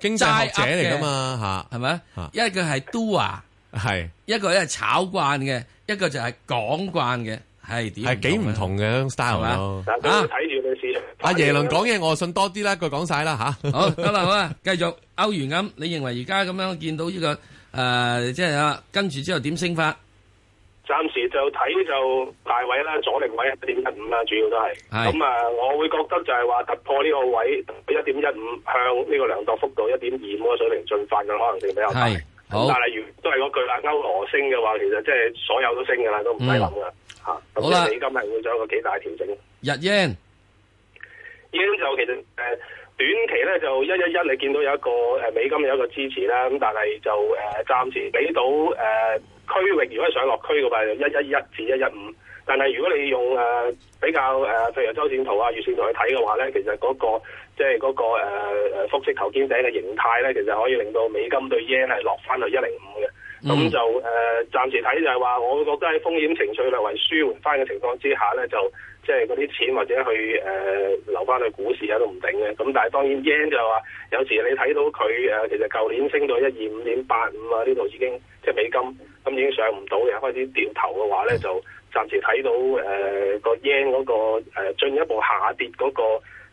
S5: 經濟學者嚟噶嘛，吓係咪一個係都話係一個咧炒慣嘅是一個就係講慣嘅係，點係幾唔同
S1: 嘅 style 啊，大家睇住你市，阿耶倫講嘢我信
S5: 多啲啦，佢講晒啦。吓，好，咁啦，好啊，繼續歐元。咁你認為而家咁樣見到呢個誒即係啊跟住之後點升法？
S8: 暫時就睇就大位啦，阻力位一點一五啦，主要都係。咁啊是，我會覺得就係話突破呢個位一點一五，15, 向呢個量度幅度一點二五個水平進發嘅可能性比
S6: 較大。但
S8: 係如都係嗰句啦，歐羅升嘅話，其實即係所有都升嘅啦，都唔使諗嘅嚇。嗯啊、好啦吧，美金係會有一個幾大調整。日
S5: 圓，日圓
S8: 就其實誒。呃短期咧就一一一，你見到有一個誒、呃、美金有一個支持啦，咁但係就誒暫、呃、時俾到誒區、呃、域，如果係上落區嘅話，就一一一至一一五。15, 但係如果你用誒、呃、比較誒、呃，譬如周線圖啊、月線圖去睇嘅話咧，其實嗰、那個即係嗰、那個誒誒復式頭肩頂嘅形態咧，其實可以令到美金對 yen 係落翻去一零五嘅。咁、mm hmm. 就誒暫、呃、時睇就係話，我覺得喺風險情緒略為舒緩翻嘅情況之下咧，就。就即係嗰啲錢或者去誒、呃、留翻去股市喺都唔定嘅，咁但係當然 yen 就話，有時你睇到佢誒、呃，其實舊年升到一二五點八五啊，呢度已經即係、就是、美金咁、嗯嗯嗯、已經上唔到嘅，開始掉頭嘅話咧，就暫時睇到誒、呃、個 yen 嗰、那個誒、呃、進一步下跌嗰、那個、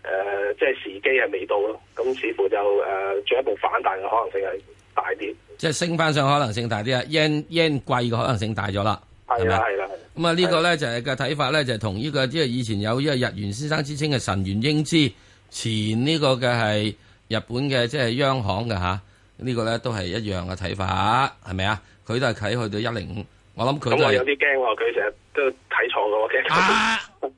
S8: 呃、即係時機係未到咯，咁、嗯、似乎就誒、呃、進一步反彈嘅可能性係大啲，
S5: 即係升翻上可能性大啲啊，yen yen 貴嘅可能性大咗啦。係啦，係啦，咁啊呢個咧就係嘅睇法咧，就同、是、呢、就是這個即係以前有呢個日元先生之稱嘅神元英之前呢個嘅係日本嘅即係央行嘅吓，啊這個、呢個咧都係一樣嘅睇法，係咪、嗯、啊？佢都係睇去到一零五，我諗佢都係有啲驚，
S8: 佢成日都
S5: 睇錯嘅，我驚。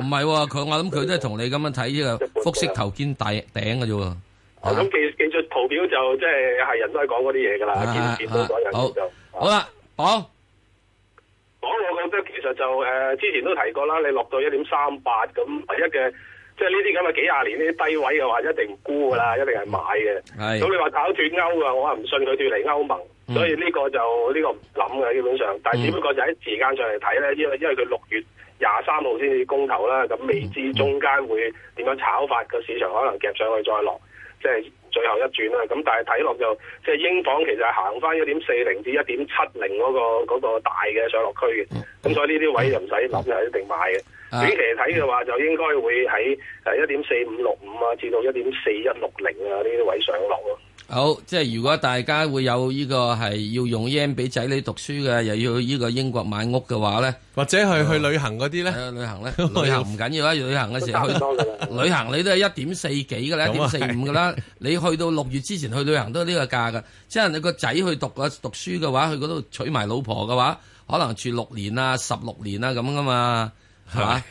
S5: 唔係，佢我諗佢都係同你咁樣睇呢個複式頭肩大頂嘅啫。咁、啊、記記住，記
S8: 住圖表就即
S6: 係係人都係講嗰啲嘢噶啦，見見到咗有就好啦，好。
S8: 講我覺得其實就誒、呃，之前都提過啦。你落到一點三八咁，唯一嘅即係呢啲咁嘅幾廿年呢啲低位嘅話一，一定沽噶啦，一定係買嘅。咁你話搞脫歐啊？我係唔信佢脫離歐盟，嗯、所以呢個就呢、這個唔諗嘅基本上。但係只不過就喺時間上嚟睇咧，因為因為佢六月廿三號先至公投啦，咁未知中間會點樣炒法，個市場可能夾上去再落。即係最後一轉啦，咁但係睇落就，即係英鎊其實係行翻一點四零至一點七零嗰個嗰個大嘅上落區嘅，咁、嗯、所以呢啲位就唔使諗，就、嗯、一定買嘅。啊，短期睇嘅話就應該會喺誒一點四五六五啊，至到一點四一六零
S6: 啊呢啲位上
S5: 落。好，即係如果大家會有呢、這個係要用 yen 俾仔女讀書嘅，又要去呢個英國買屋嘅話咧，或者係去、啊、去旅行嗰啲咧？旅行咧， 旅行唔緊要啦，要旅行嘅時候去， 旅行你都係一點四幾噶啦，一點四五噶啦。你去到六月之前去旅行都係呢個價噶。 即係你個仔去讀嘅讀書嘅話，去嗰度娶埋老婆嘅話，可能住六年啊，十六年啊咁噶嘛，係咪？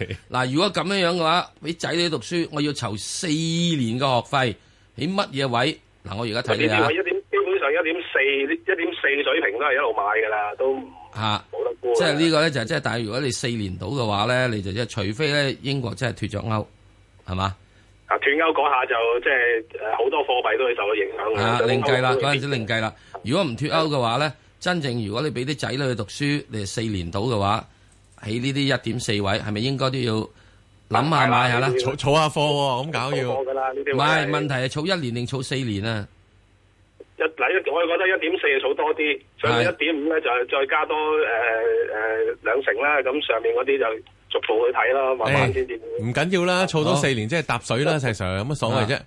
S5: 嗱，如果咁樣樣嘅話，俾仔女讀書，我要籌四年嘅學費，喺乜嘢位？嗱，我而家睇呢啲一點基本上
S8: 一點
S5: 四，一點四水平都係一路買噶啦，都、啊、冇得沽。即係呢個咧就即係，但係如果你四年到嘅話咧，你就即係除非咧英國真係脫咗歐，係嘛？
S8: 啊，脫歐嗰下就即係好多貨幣都會受到影
S5: 響。啊，歐，另計啦，嗰陣時另計啦。如果唔脫歐嘅話咧，對，真正如果你俾啲仔女去讀書，你係四年到嘅話，喺呢啲一點四位係咪應該都要？諗下買下啦，儲儲下貨咁搞要。唔係，問題係儲一年定儲四年啊？
S8: 一嗱，
S5: 我係覺得一點四就儲多啲，所以一點五咧就係再加多誒誒兩成啦。咁上面嗰啲就逐步去睇咯，慢慢先至。唔緊要啦，儲到四年即係搭水啦，細 Sir，有乜所謂啫？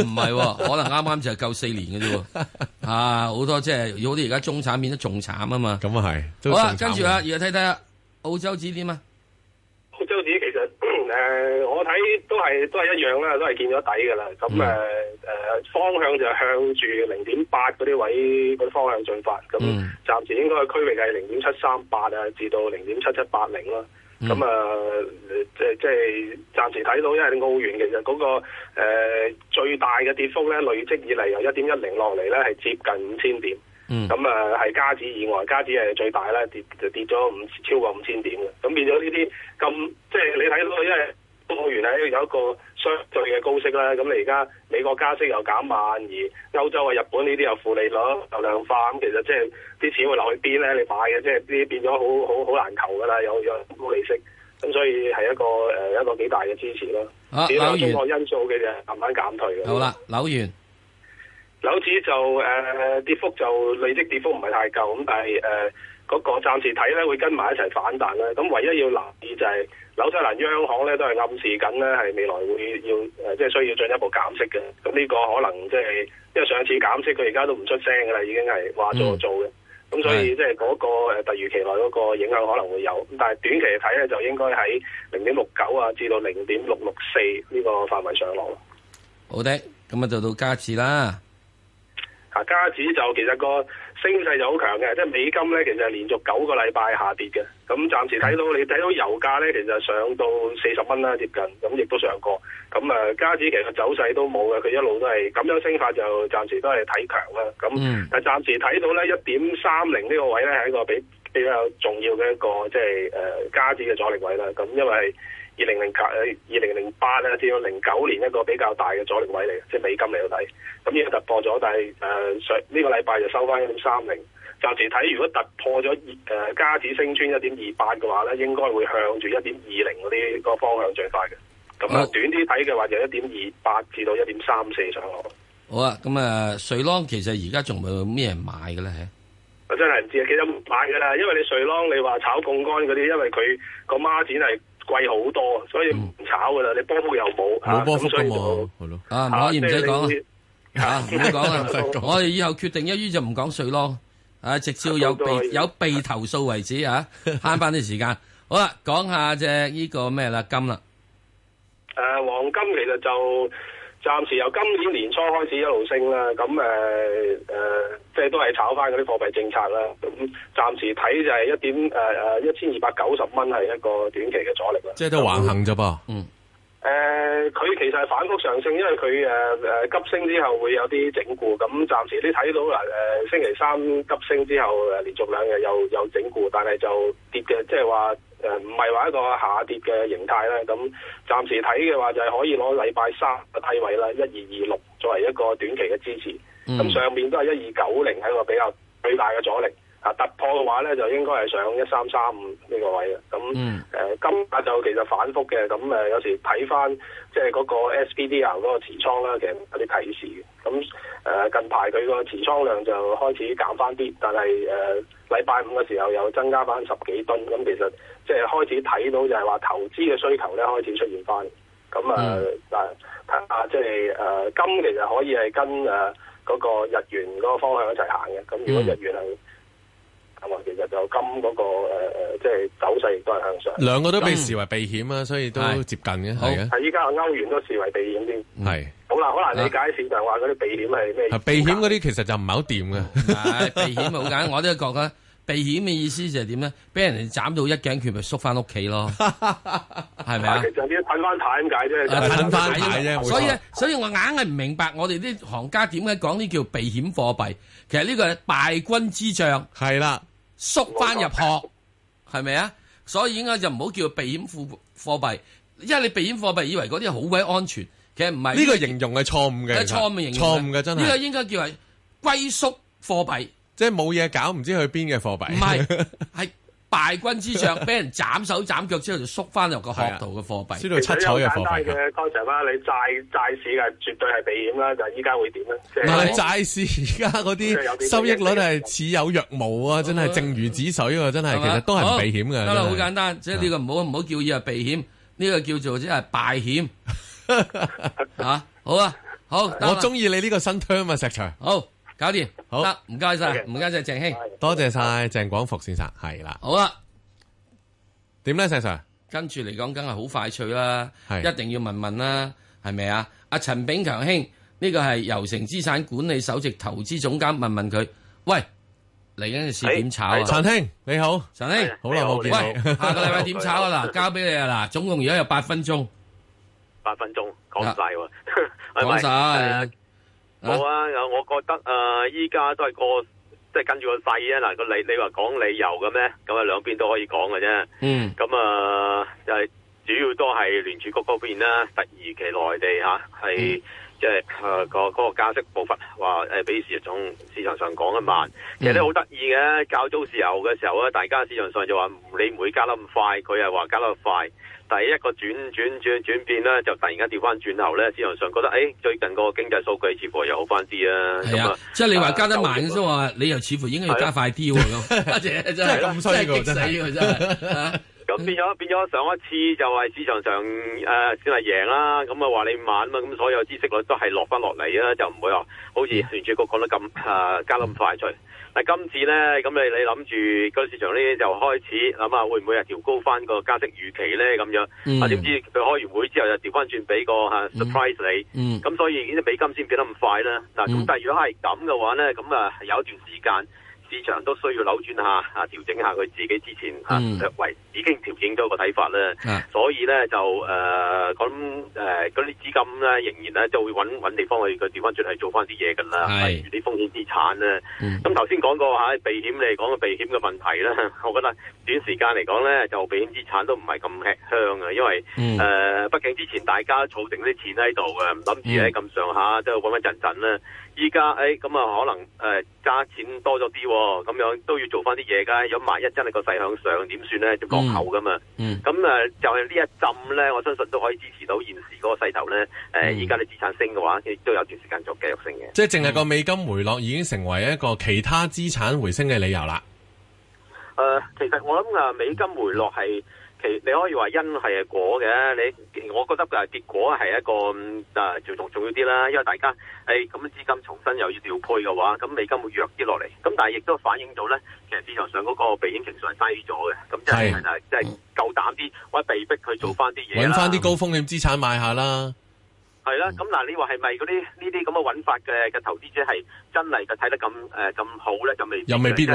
S5: 唔係，可能啱啱就係夠四年嘅啫。啊，好多即係有啲而家中產變得仲慘啊嘛。咁啊係。好啦，跟住啊，而家睇睇下澳洲指點啊。澳洲指點。
S8: 誒、呃，我睇都係都係一樣啦，都係見咗底噶啦。咁誒誒，方向就向住零點八嗰啲位嗰啲方向進發。咁暫、嗯、時應該嘅區域係零點七三八啊，至到零點七七八零咯。咁啊，嗯呃、即係即係暫時睇到，因為澳元其實嗰個誒、呃、最大嘅跌幅咧，累積以嚟由一點一零落嚟咧，係接近五千點。嗯，咁啊，係加指以外，加指係最大啦，跌就跌咗五超過五千點嘅，咁變咗呢啲咁，即係你睇到，因為公務員係有一個相對嘅高息啦，咁你而家美國加息又減慢，而歐洲啊、日本呢啲又負利率、流量化，咁其實即係啲錢會流去邊咧？你買嘅即係呢啲變咗好好好難求噶啦，有有高利息，咁所以係一個誒一個幾大嘅支持咯。啊、只有中國因素嘅就，慢慢減退嘅。好啦、
S5: 啊，扭完。
S8: 樓市就誒、呃、跌幅就累積跌幅唔係太夠咁，但係誒嗰個暫時睇咧會跟埋一齊反彈啦。咁唯一要留意就係紐西蘭央行咧都係暗示緊咧係未來會要誒、呃、即係需要進一步減息嘅。咁呢個可能即、就、係、是、因為上次減息佢而家都唔出聲噶啦，已經係話咗做嘅。
S4: 咁、嗯、所以即
S8: 係嗰個誒的突如其來嗰個影響可能會有。咁但係短期睇咧就應該喺零點六九啊至到零點六六四呢個範圍上落。
S5: 好的，咁啊就到加字啦。
S8: 啊、加指就其實個升勢就好強嘅，即係美金咧，其實係連續九個禮拜下跌嘅。咁暫時睇到你睇到油價咧，其實上到四十蚊啦，接近咁亦都上過。咁誒，加指其實走勢都冇嘅，佢一路都係咁樣升法，就暫時都係睇強啦。咁、嗯、但係暫時睇到咧，一點三零呢個位咧係一個比比較重要嘅一個即係誒加指嘅阻力位啦。咁因為。二零零九二零零八咧，至到零九年一個比較大嘅阻力位嚟嘅，即係美金嚟到底。咁呢個突破咗，但係誒上呢個禮拜就收翻一點三零。暫時睇，如果突破咗二誒家指升穿一點二八嘅話咧，應該會向住一點二零嗰啲個方向最快嘅。咁啊，短啲睇嘅話就一點二八至到一點三四上落。
S5: 好啊，咁啊、呃、瑞朗其實而家仲冇咩人買嘅咧，
S8: 係我真係唔知啊，幾多買嘅啦？因為你瑞朗你話炒槓桿嗰啲，因為佢個孖展係，貴好多，所以唔炒噶啦，
S6: 你波幅又冇，冇波幅噶嘛。啊，唔可以唔使
S5: 講啦，唔好講啦，我哋以後決定一於就唔講稅咯。啊，直至有被有被投訴為止啊，慳翻啲時間。好啦，講下只呢個咩啦金啦，
S8: 誒，黃金其實就。暫時由今年年初開始一路升啦，咁誒誒，即係都係炒翻嗰啲貨幣政策啦。咁暫時睇就係一點誒誒一千二百九十蚊係一個短期嘅阻力啦。即係都橫行啫噃。嗯。誒，佢、呃、其實係反覆上升，因為佢誒誒急升之後會有啲整固，咁暫時你睇到啦，誒、呃、星期三急升之後誒、呃、連續兩日又有整固，但係就跌嘅，即係話誒唔係話一個下跌嘅形態咧，咁暫時睇嘅話就係可以攞禮拜三嘅低位啦，一二二六作為一個短期嘅支持，咁、嗯、上面都係一二九零係個比較巨大嘅阻力。啊突破嘅話咧，就應該係上一三三五呢個位嘅。咁誒，今日就其實反覆嘅。咁誒，有時睇翻即係嗰個 SPDR 啊嗰個持倉啦，其實有啲提示嘅。咁誒、呃，近排佢個持倉量就開始減翻啲，但係誒禮拜五嘅時候又增加翻十幾噸。咁其實即係開始睇到就係話投資嘅需求咧開始出現翻。咁啊，嗱睇下即係誒金其實可以係跟誒嗰、呃那個日元嗰個方向一齊行嘅。咁如果日元係。嗯咁啊，其實就金嗰、那個誒即係走勢
S1: 亦都係向上。兩個都被視為避險啊，所以都接近嘅，係啊。係依家歐元都視為避險
S8: 啲，係是。好啦，好難理解市場話嗰啲
S6: 避
S1: 險係咩意思、 哎？
S5: 避險嗰啲其實就唔係好掂嘅，避險好簡單， 我都係覺得。避險嘅意思就係點咧？俾人哋斬到一頸拳，咪縮翻屋企咯，係咪啊？其實就啲褪翻鞋咁解啫，褪翻啫。所以，所以我硬係唔明白，我哋啲行家點解講呢叫避險貨幣？其實呢個係敗軍之將，係啦，縮翻入殼，係咪啊？所以應該就唔好叫避險貨貨幣，因為你避險貨幣以為嗰啲好鬼安全，其實唔係。呢個形容係錯誤嘅，錯誤嘅形容，錯誤嘅真係。呢個應該叫係龜縮貨幣。即係冇嘢搞，唔知去邊嘅貨幣。唔係，係敗軍之將，俾人斬手斬腳之後，就縮翻入個學徒嘅貨幣。輸到七彩嘅貨幣。剛才
S8: 你債債市係絕對係避險
S1: 啦，但係依家會點咧？但係債市而家嗰啲收益率係似有若無啊，真係正如止水啊，真係，其實都係唔避險嘅。好，好簡
S5: 單，即係呢個唔好唔好叫嘢係避險，呢個叫做即係敗險。吓，好啊，好，我中意你呢
S1: 個新 term 啊，石
S5: 長，好。搞掂，好得唔該晒，唔該晒鄭兄，
S1: 多謝晒鄭廣福先生，係啦，好啦，點咧，石 Sir？
S5: 跟住嚟講梗係好快脆啦，係一定要問問啦，係咪啊？阿陳炳強兄，呢個係油城資產管理首席投資總監，問問佢，喂，嚟緊嘅事點炒啊？陳兄你好，陳兄好耐冇見到，下個禮拜點炒啊？嗱，交俾你啊！嗱，總共而家有八分鐘，
S3: 八分鐘講晒
S5: 喎，講晒。
S3: 冇啊、哦！我覺得啊，依、呃、家都係個即係跟住個勢啊！嗱、呃，個理你話講理由嘅咩？咁啊兩邊都可以講嘅啫。嗯。
S6: 咁啊、嗯，
S3: 就、嗯、係主要都係聯儲局嗰邊啦，突如其來地嚇係、啊、即係誒、呃、個個加息步伐話誒、呃、比市仲市場上講得慢。其實咧好得意嘅，較早時候嘅時候咧，大家市場上就話你唔會加得咁快，佢係話加得快。第一個轉轉轉轉變咧，就突然間調翻轉頭咧，市場上覺得誒、欸，最近個經濟數據似乎又好翻啲啊。係啊樣，
S5: 即係你話加得慢，所以話、呃、你又似乎應該要加快啲咁。咁犀
S6: 利，真係。
S3: 咁變咗變咗，上一次就係市場上誒，先係贏啦。咁啊話你慢啊，咁所，所有知識率都係落翻落嚟啊，就唔會話好似聯儲局講得咁誒加得咁快脆。嗯今次呢，咁你你諗住個市場呢就開始諗下會唔會係調高翻個加息預期呢？咁樣、嗯、啊？點知佢開完會之後又調翻轉俾個嚇 surprise 你，咁所以啲美金先變得咁快啦。嗱、啊，咁但係如果係咁嘅話呢，咁啊有一段時間。市場都需要扭轉下，啊調整下佢自己之前、嗯、啊喂已經調整咗個睇法咧，啊、所以咧就誒咁誒嗰啲資金咧仍然咧就會揾揾地方去個調翻轉係做翻啲嘢噶啦，是例如啲風險資產咧。咁頭先講過吓避險，你講個避險嘅問題咧，我覺得短時間嚟講咧就避險資產都唔係咁吃香啊，因為誒畢、嗯呃、竟之前大家儲定啲錢喺度嘅，諗住喺咁上下都穩穩陣陣咧。依家誒，咁啊、欸、可能誒加、呃、錢多咗啲，咁樣都要做翻啲嘢噶。如果萬一真係個勢向上，點算咧？就落後噶嘛。咁啊、嗯嗯，就係、是、呢一浸咧，我相信都可以支持到現時嗰個勢頭咧。誒、呃，而家你資產升嘅話，亦都有段時間做繼續升
S1: 嘅。嗯、即係淨係個美金回落，已經成為一個其他資產回升嘅理由啦。
S3: 誒、嗯呃，其實我諗啊，美金回落係。其你可以話因係果嘅，你我覺得嘅結果係一個誒仲仲重要啲啦，因為大家係咁資金重新又要調配嘅話，咁美金會弱啲落嚟。咁但係亦都反映到咧，其實市場上嗰個避險情緒係低咗嘅。咁即係即係即係夠膽啲，或者被迫去做翻啲嘢啦，揾翻啲
S1: 高風險資產買下啦。
S3: 係啦、嗯，咁嗱、啊，你話係咪嗰啲呢啲咁嘅揾法嘅嘅投資者係真係就睇得咁誒咁好咧？咁未又未必。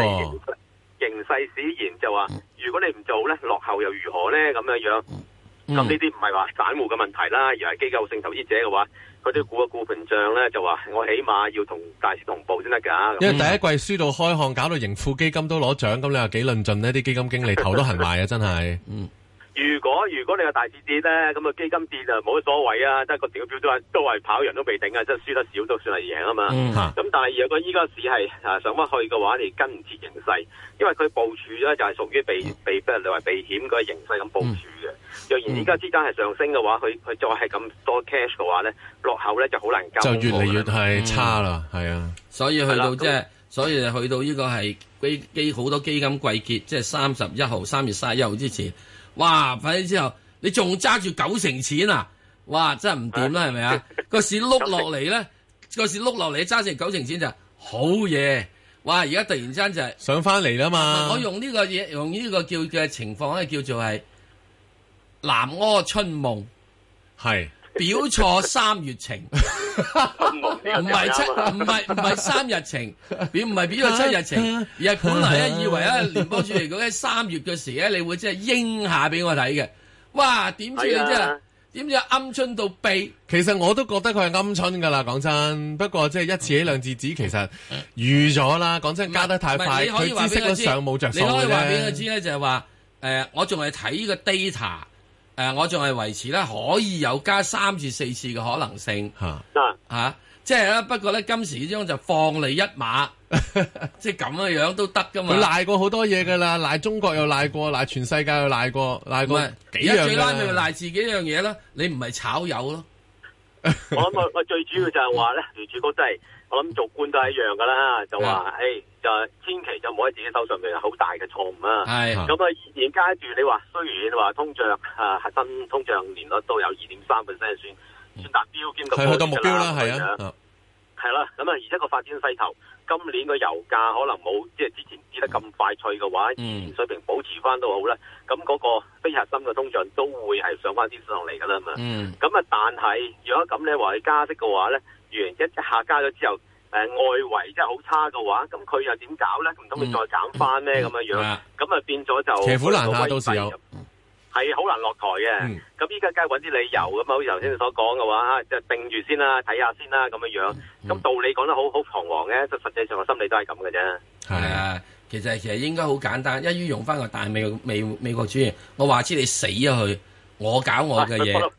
S3: 形勢使然就話，如果你唔做咧，落後又如何呢？咁樣、嗯、樣，
S6: 咁呢啲
S3: 唔係話散戶嘅問題啦，而係機構性投資者嘅話，佢都估一估份賬呢，就話，我起碼要同大市同步先得噶。因為第一
S1: 季輸到開項，搞到盈富基金都攞獎，咁你話幾論盡呢？啲基金經理頭都痕埋啊！真係。 嗯
S3: 如果如果你個大市跌咧，咁啊基金跌就冇乜所謂啊，即係個整表都係都係跑人都未頂啊，即係輸得少都算係贏啊嘛。咁但係如果依家市係啊上翻去嘅話，你跟唔切形勢，因為佢部署咧就係屬於避避，即係你話避險嗰個形勢咁部署嘅。若然而家資金係上升嘅話，佢佢再係咁多 cash 嘅話咧，落後咧就好難跟就越
S6: 嚟越係
S5: 差啦，係啊，所以去到即係，所以去到呢個係基好多基金季結，即係三十一號、三月三十一號之前。哇！反正之後你仲揸住九成錢啊！哇，真係唔掂啦，係咪、哎、吧啊？個 市碌落嚟咧，個市碌落嚟揸成九成錢就好嘢。哇！而家突然間就係上翻嚟啦嘛。我用呢、這個嘢，用呢個叫嘅情況咧，叫做係南柯春夢。係。表錯三月情，唔係 七唔係唔係三日情，表唔係表錯七日情。而係本來咧，以為咧，聯邦主席講咧，三月嘅時咧，你會即係應下俾我睇嘅。哇！點知你真係點知鵪鶉到痹。
S1: 其實我都覺得佢係鵪鶉㗎啦。講真，不過即係一次起兩字紙，其實預咗啦。講真，加得太快，佢升得上冇著數你可以話俾我知咧，你可
S5: 以你可以就係話誒，我仲係睇呢個 data。誒、呃，我仲係維持咧，可以有加三至四次嘅可能性。吓吓吓，即係咧，不過咧，今時之中就放你一馬， 即係咁嘅樣都得噶嘛。佢賴
S1: 過好多嘢噶啦，賴中國又賴過，賴全世界又賴過，賴過幾樣啦。最衰咪
S5: 賴自己一樣嘢啦，你唔係炒友咯。我諗我我最主要就係話咧，女主角都係。
S3: 我諗做官都係一樣噶啦，就話誒，就千祈就唔好喺自己手上邊，有好大嘅錯誤啊！係咁啊，現階段你話雖然話通脹誒核心通脹年率都有二點三 percent，算達標兼咁嘅啦，係啊，係啦。咁啊，而家個發展勢頭，今年個油價可能冇即係之前跌得咁快脆嘅話，水平保持翻都好咧。咁嗰個非核心嘅通脹都會係上翻啲上嚟噶啦嘛。咁啊，但係如果咁你話佢加息嘅話咧。完，一下加咗之後，誒外圍真係好差嘅話，咁佢又點搞咧？唔通佢再減翻咧？咁樣樣，咁啊變咗就……政府難啊，到時候係好難落台嘅。咁依家梗係揾啲理由咁啊！好似頭先你所講嘅話，就定住先啦，睇下先啦，咁樣樣。咁道理講得好好彷徨嘅，就實際上個心理都係咁嘅啫。係啊，
S5: 其實其實應該好簡單，一於用翻個大美美美國主義，我話知你死咗佢，我搞我嘅
S6: 嘢。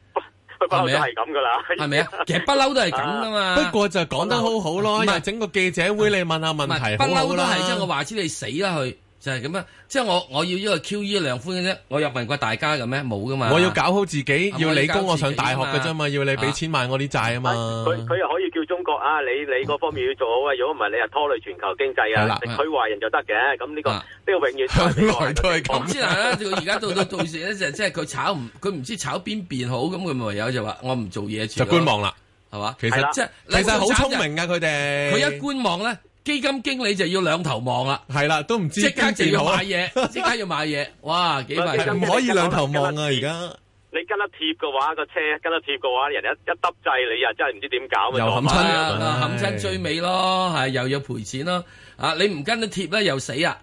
S6: 係咪？係咁噶
S5: 啦，係咪啊？其實不嬲都係咁噶嘛。啊、不過就講得好好咯，唔、啊、整個記者會你問下問，問題不，
S1: 不嬲都係即係我
S5: 話知你，你死啦佢。就係咁啊！即係我我要呢個 QE 量寬嘅啫，我又問過大家嘅咩？冇噶嘛！我要搞好自己，要你供我上大學嘅啫嘛，要你俾錢買我啲債啊嘛！佢
S3: 佢又可以叫中國啊！你你嗰方面要做好啊！如果唔係你又拖累全球經濟啊！佢話人就得嘅，
S6: 咁呢個呢個永遠都係都係咁。咁
S5: 先啦！而家到到到時咧，就即係佢炒唔佢唔知炒邊邊好，咁佢咪唯有就話我唔做嘢就觀望啦，係嘛？其實即係其實好聰明噶佢哋，佢一觀望咧。基金經理就要兩頭望啦，係啦，都唔知即刻就要買嘢，即 刻要買嘢，哇，幾快！唔可以兩頭望啊，而家。你跟得貼嘅話，個車跟得貼
S3: 嘅話，人哋一一耷掣，你又真係唔知點搞又冚親啊！冚親的追
S5: 尾咯，係又要賠錢咯。啊，你唔跟得貼咧，又死啊，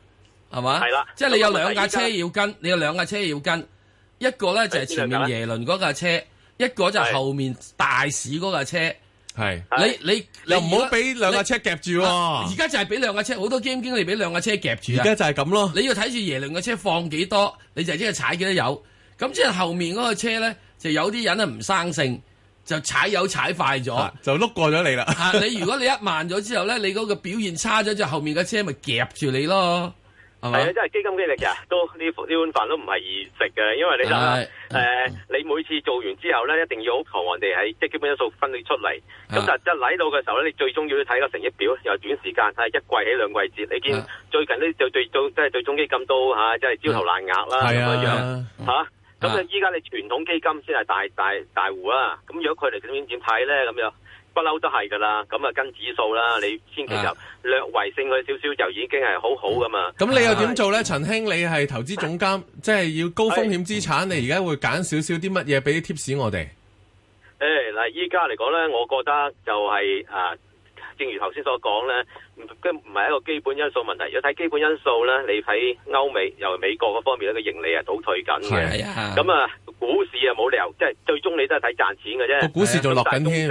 S5: 係嘛？係啦的。即係你有兩架車要跟，你有兩架車要跟，的一個咧就係前面耶倫嗰架車，的一個就係後面大市嗰架車。係，是你你又唔好俾兩架車，你車夾住喎。而家就係俾兩架車，好多 game 經理俾兩架車夾住。而家就係咁咯。你要睇住耶倫嘅車放幾多，你就即係踩幾多油。咁即係後面嗰個車咧，就有啲人咧唔生性，就踩油踩快咗，啊，就碌過咗你啦，啊。你如果你一慢咗之後咧，你嗰個表現差咗，就後面嘅車咪夾住你咯。係啊，即係、uh huh. 基
S3: 金經歷嘅都呢呢碗飯都唔係易食嘅，因為你就誒、uh huh. 呃，你每次做完之後咧，一定要好狂我哋喺即係基本因素分裂出、uh huh. 到出嚟。咁但係嚟到嘅時候咧，你最重要睇個成績表，又短時間，係一季起兩季節。你見最近呢，就最最即係最，最，最中基金都吓，即係焦頭爛額啦咁、uh huh. 樣樣吓。咁你依家你傳統基金先係大大大戶啊。咁如果佢嚟點點點睇咧咁樣？不嬲都係噶啦，咁啊跟指數啦，你千祈就略為升佢少少就已經係好好㗎嘛。咁你又點
S1: 做咧？陳兄，你係投資總監，即係要高風險資產，你而家會揀少少啲乜嘢俾啲貼士我哋？
S3: 誒，嗱，依家嚟講咧，我覺得就係啊，正如頭先所講咧，跟唔係一個基本因素問題。如果睇基本因素咧，你睇歐美由美國嗰方面咧嘅盈利係倒退緊嘅，咁啊，股市啊冇理由，即係最終你都係睇賺錢嘅啫。股市仲落緊添。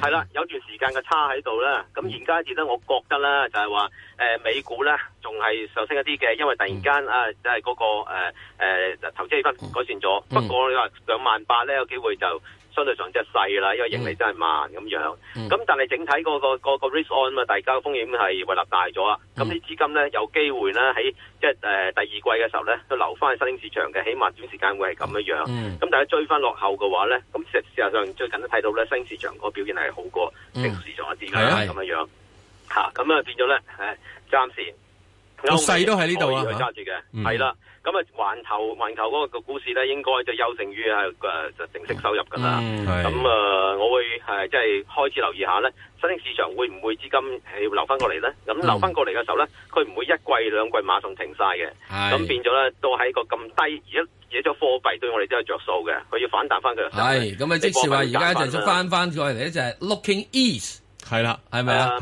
S3: 係啦，有段時間嘅差喺度啦，咁而家至得我覺得咧就係話，誒、呃、美股咧仲係上升一啲嘅，因為突然間啊，即係嗰個誒誒、呃呃、投資氣氛改善咗。嗯、不過你話兩萬八咧，有機會就。相對上即係細啦，因為盈利真係慢咁、嗯、樣。咁但係整體嗰、那個、那個那個 risk on 啊，大家風險係胃納大咗啊。咁啲資金咧有機會咧喺即係誒、呃、第二季嘅時候咧，都留翻喺新興市場嘅，起碼短時間會係咁樣樣。咁、嗯、大家追翻落後嘅話咧，咁事實，實上最近都睇到咧，新興市場嗰個表現係好過成熟市場一啲嘅咁樣樣。嚇是、啊，咁啊變咗咧，誒、呃、暫時。
S6: 細都喺呢度啊，揸住嘅，
S3: 係啦。咁啊，環球環球嗰個個股市咧，應該就優勝於係誒，就定息收入噶啦。咁啊，我會係即係開始留意下咧，新興市場會唔會資金係流翻過嚟咧？咁流翻過嚟嘅時候咧，佢唔會一季兩季馬上停晒嘅。咁變咗咧，都喺個咁低而家而家，貨幣對我哋都係着數嘅。佢要反彈翻
S6: 佢。係咁啊，即是話而家就翻翻過嚟咧，就係 looking east。係啦，係咪啊？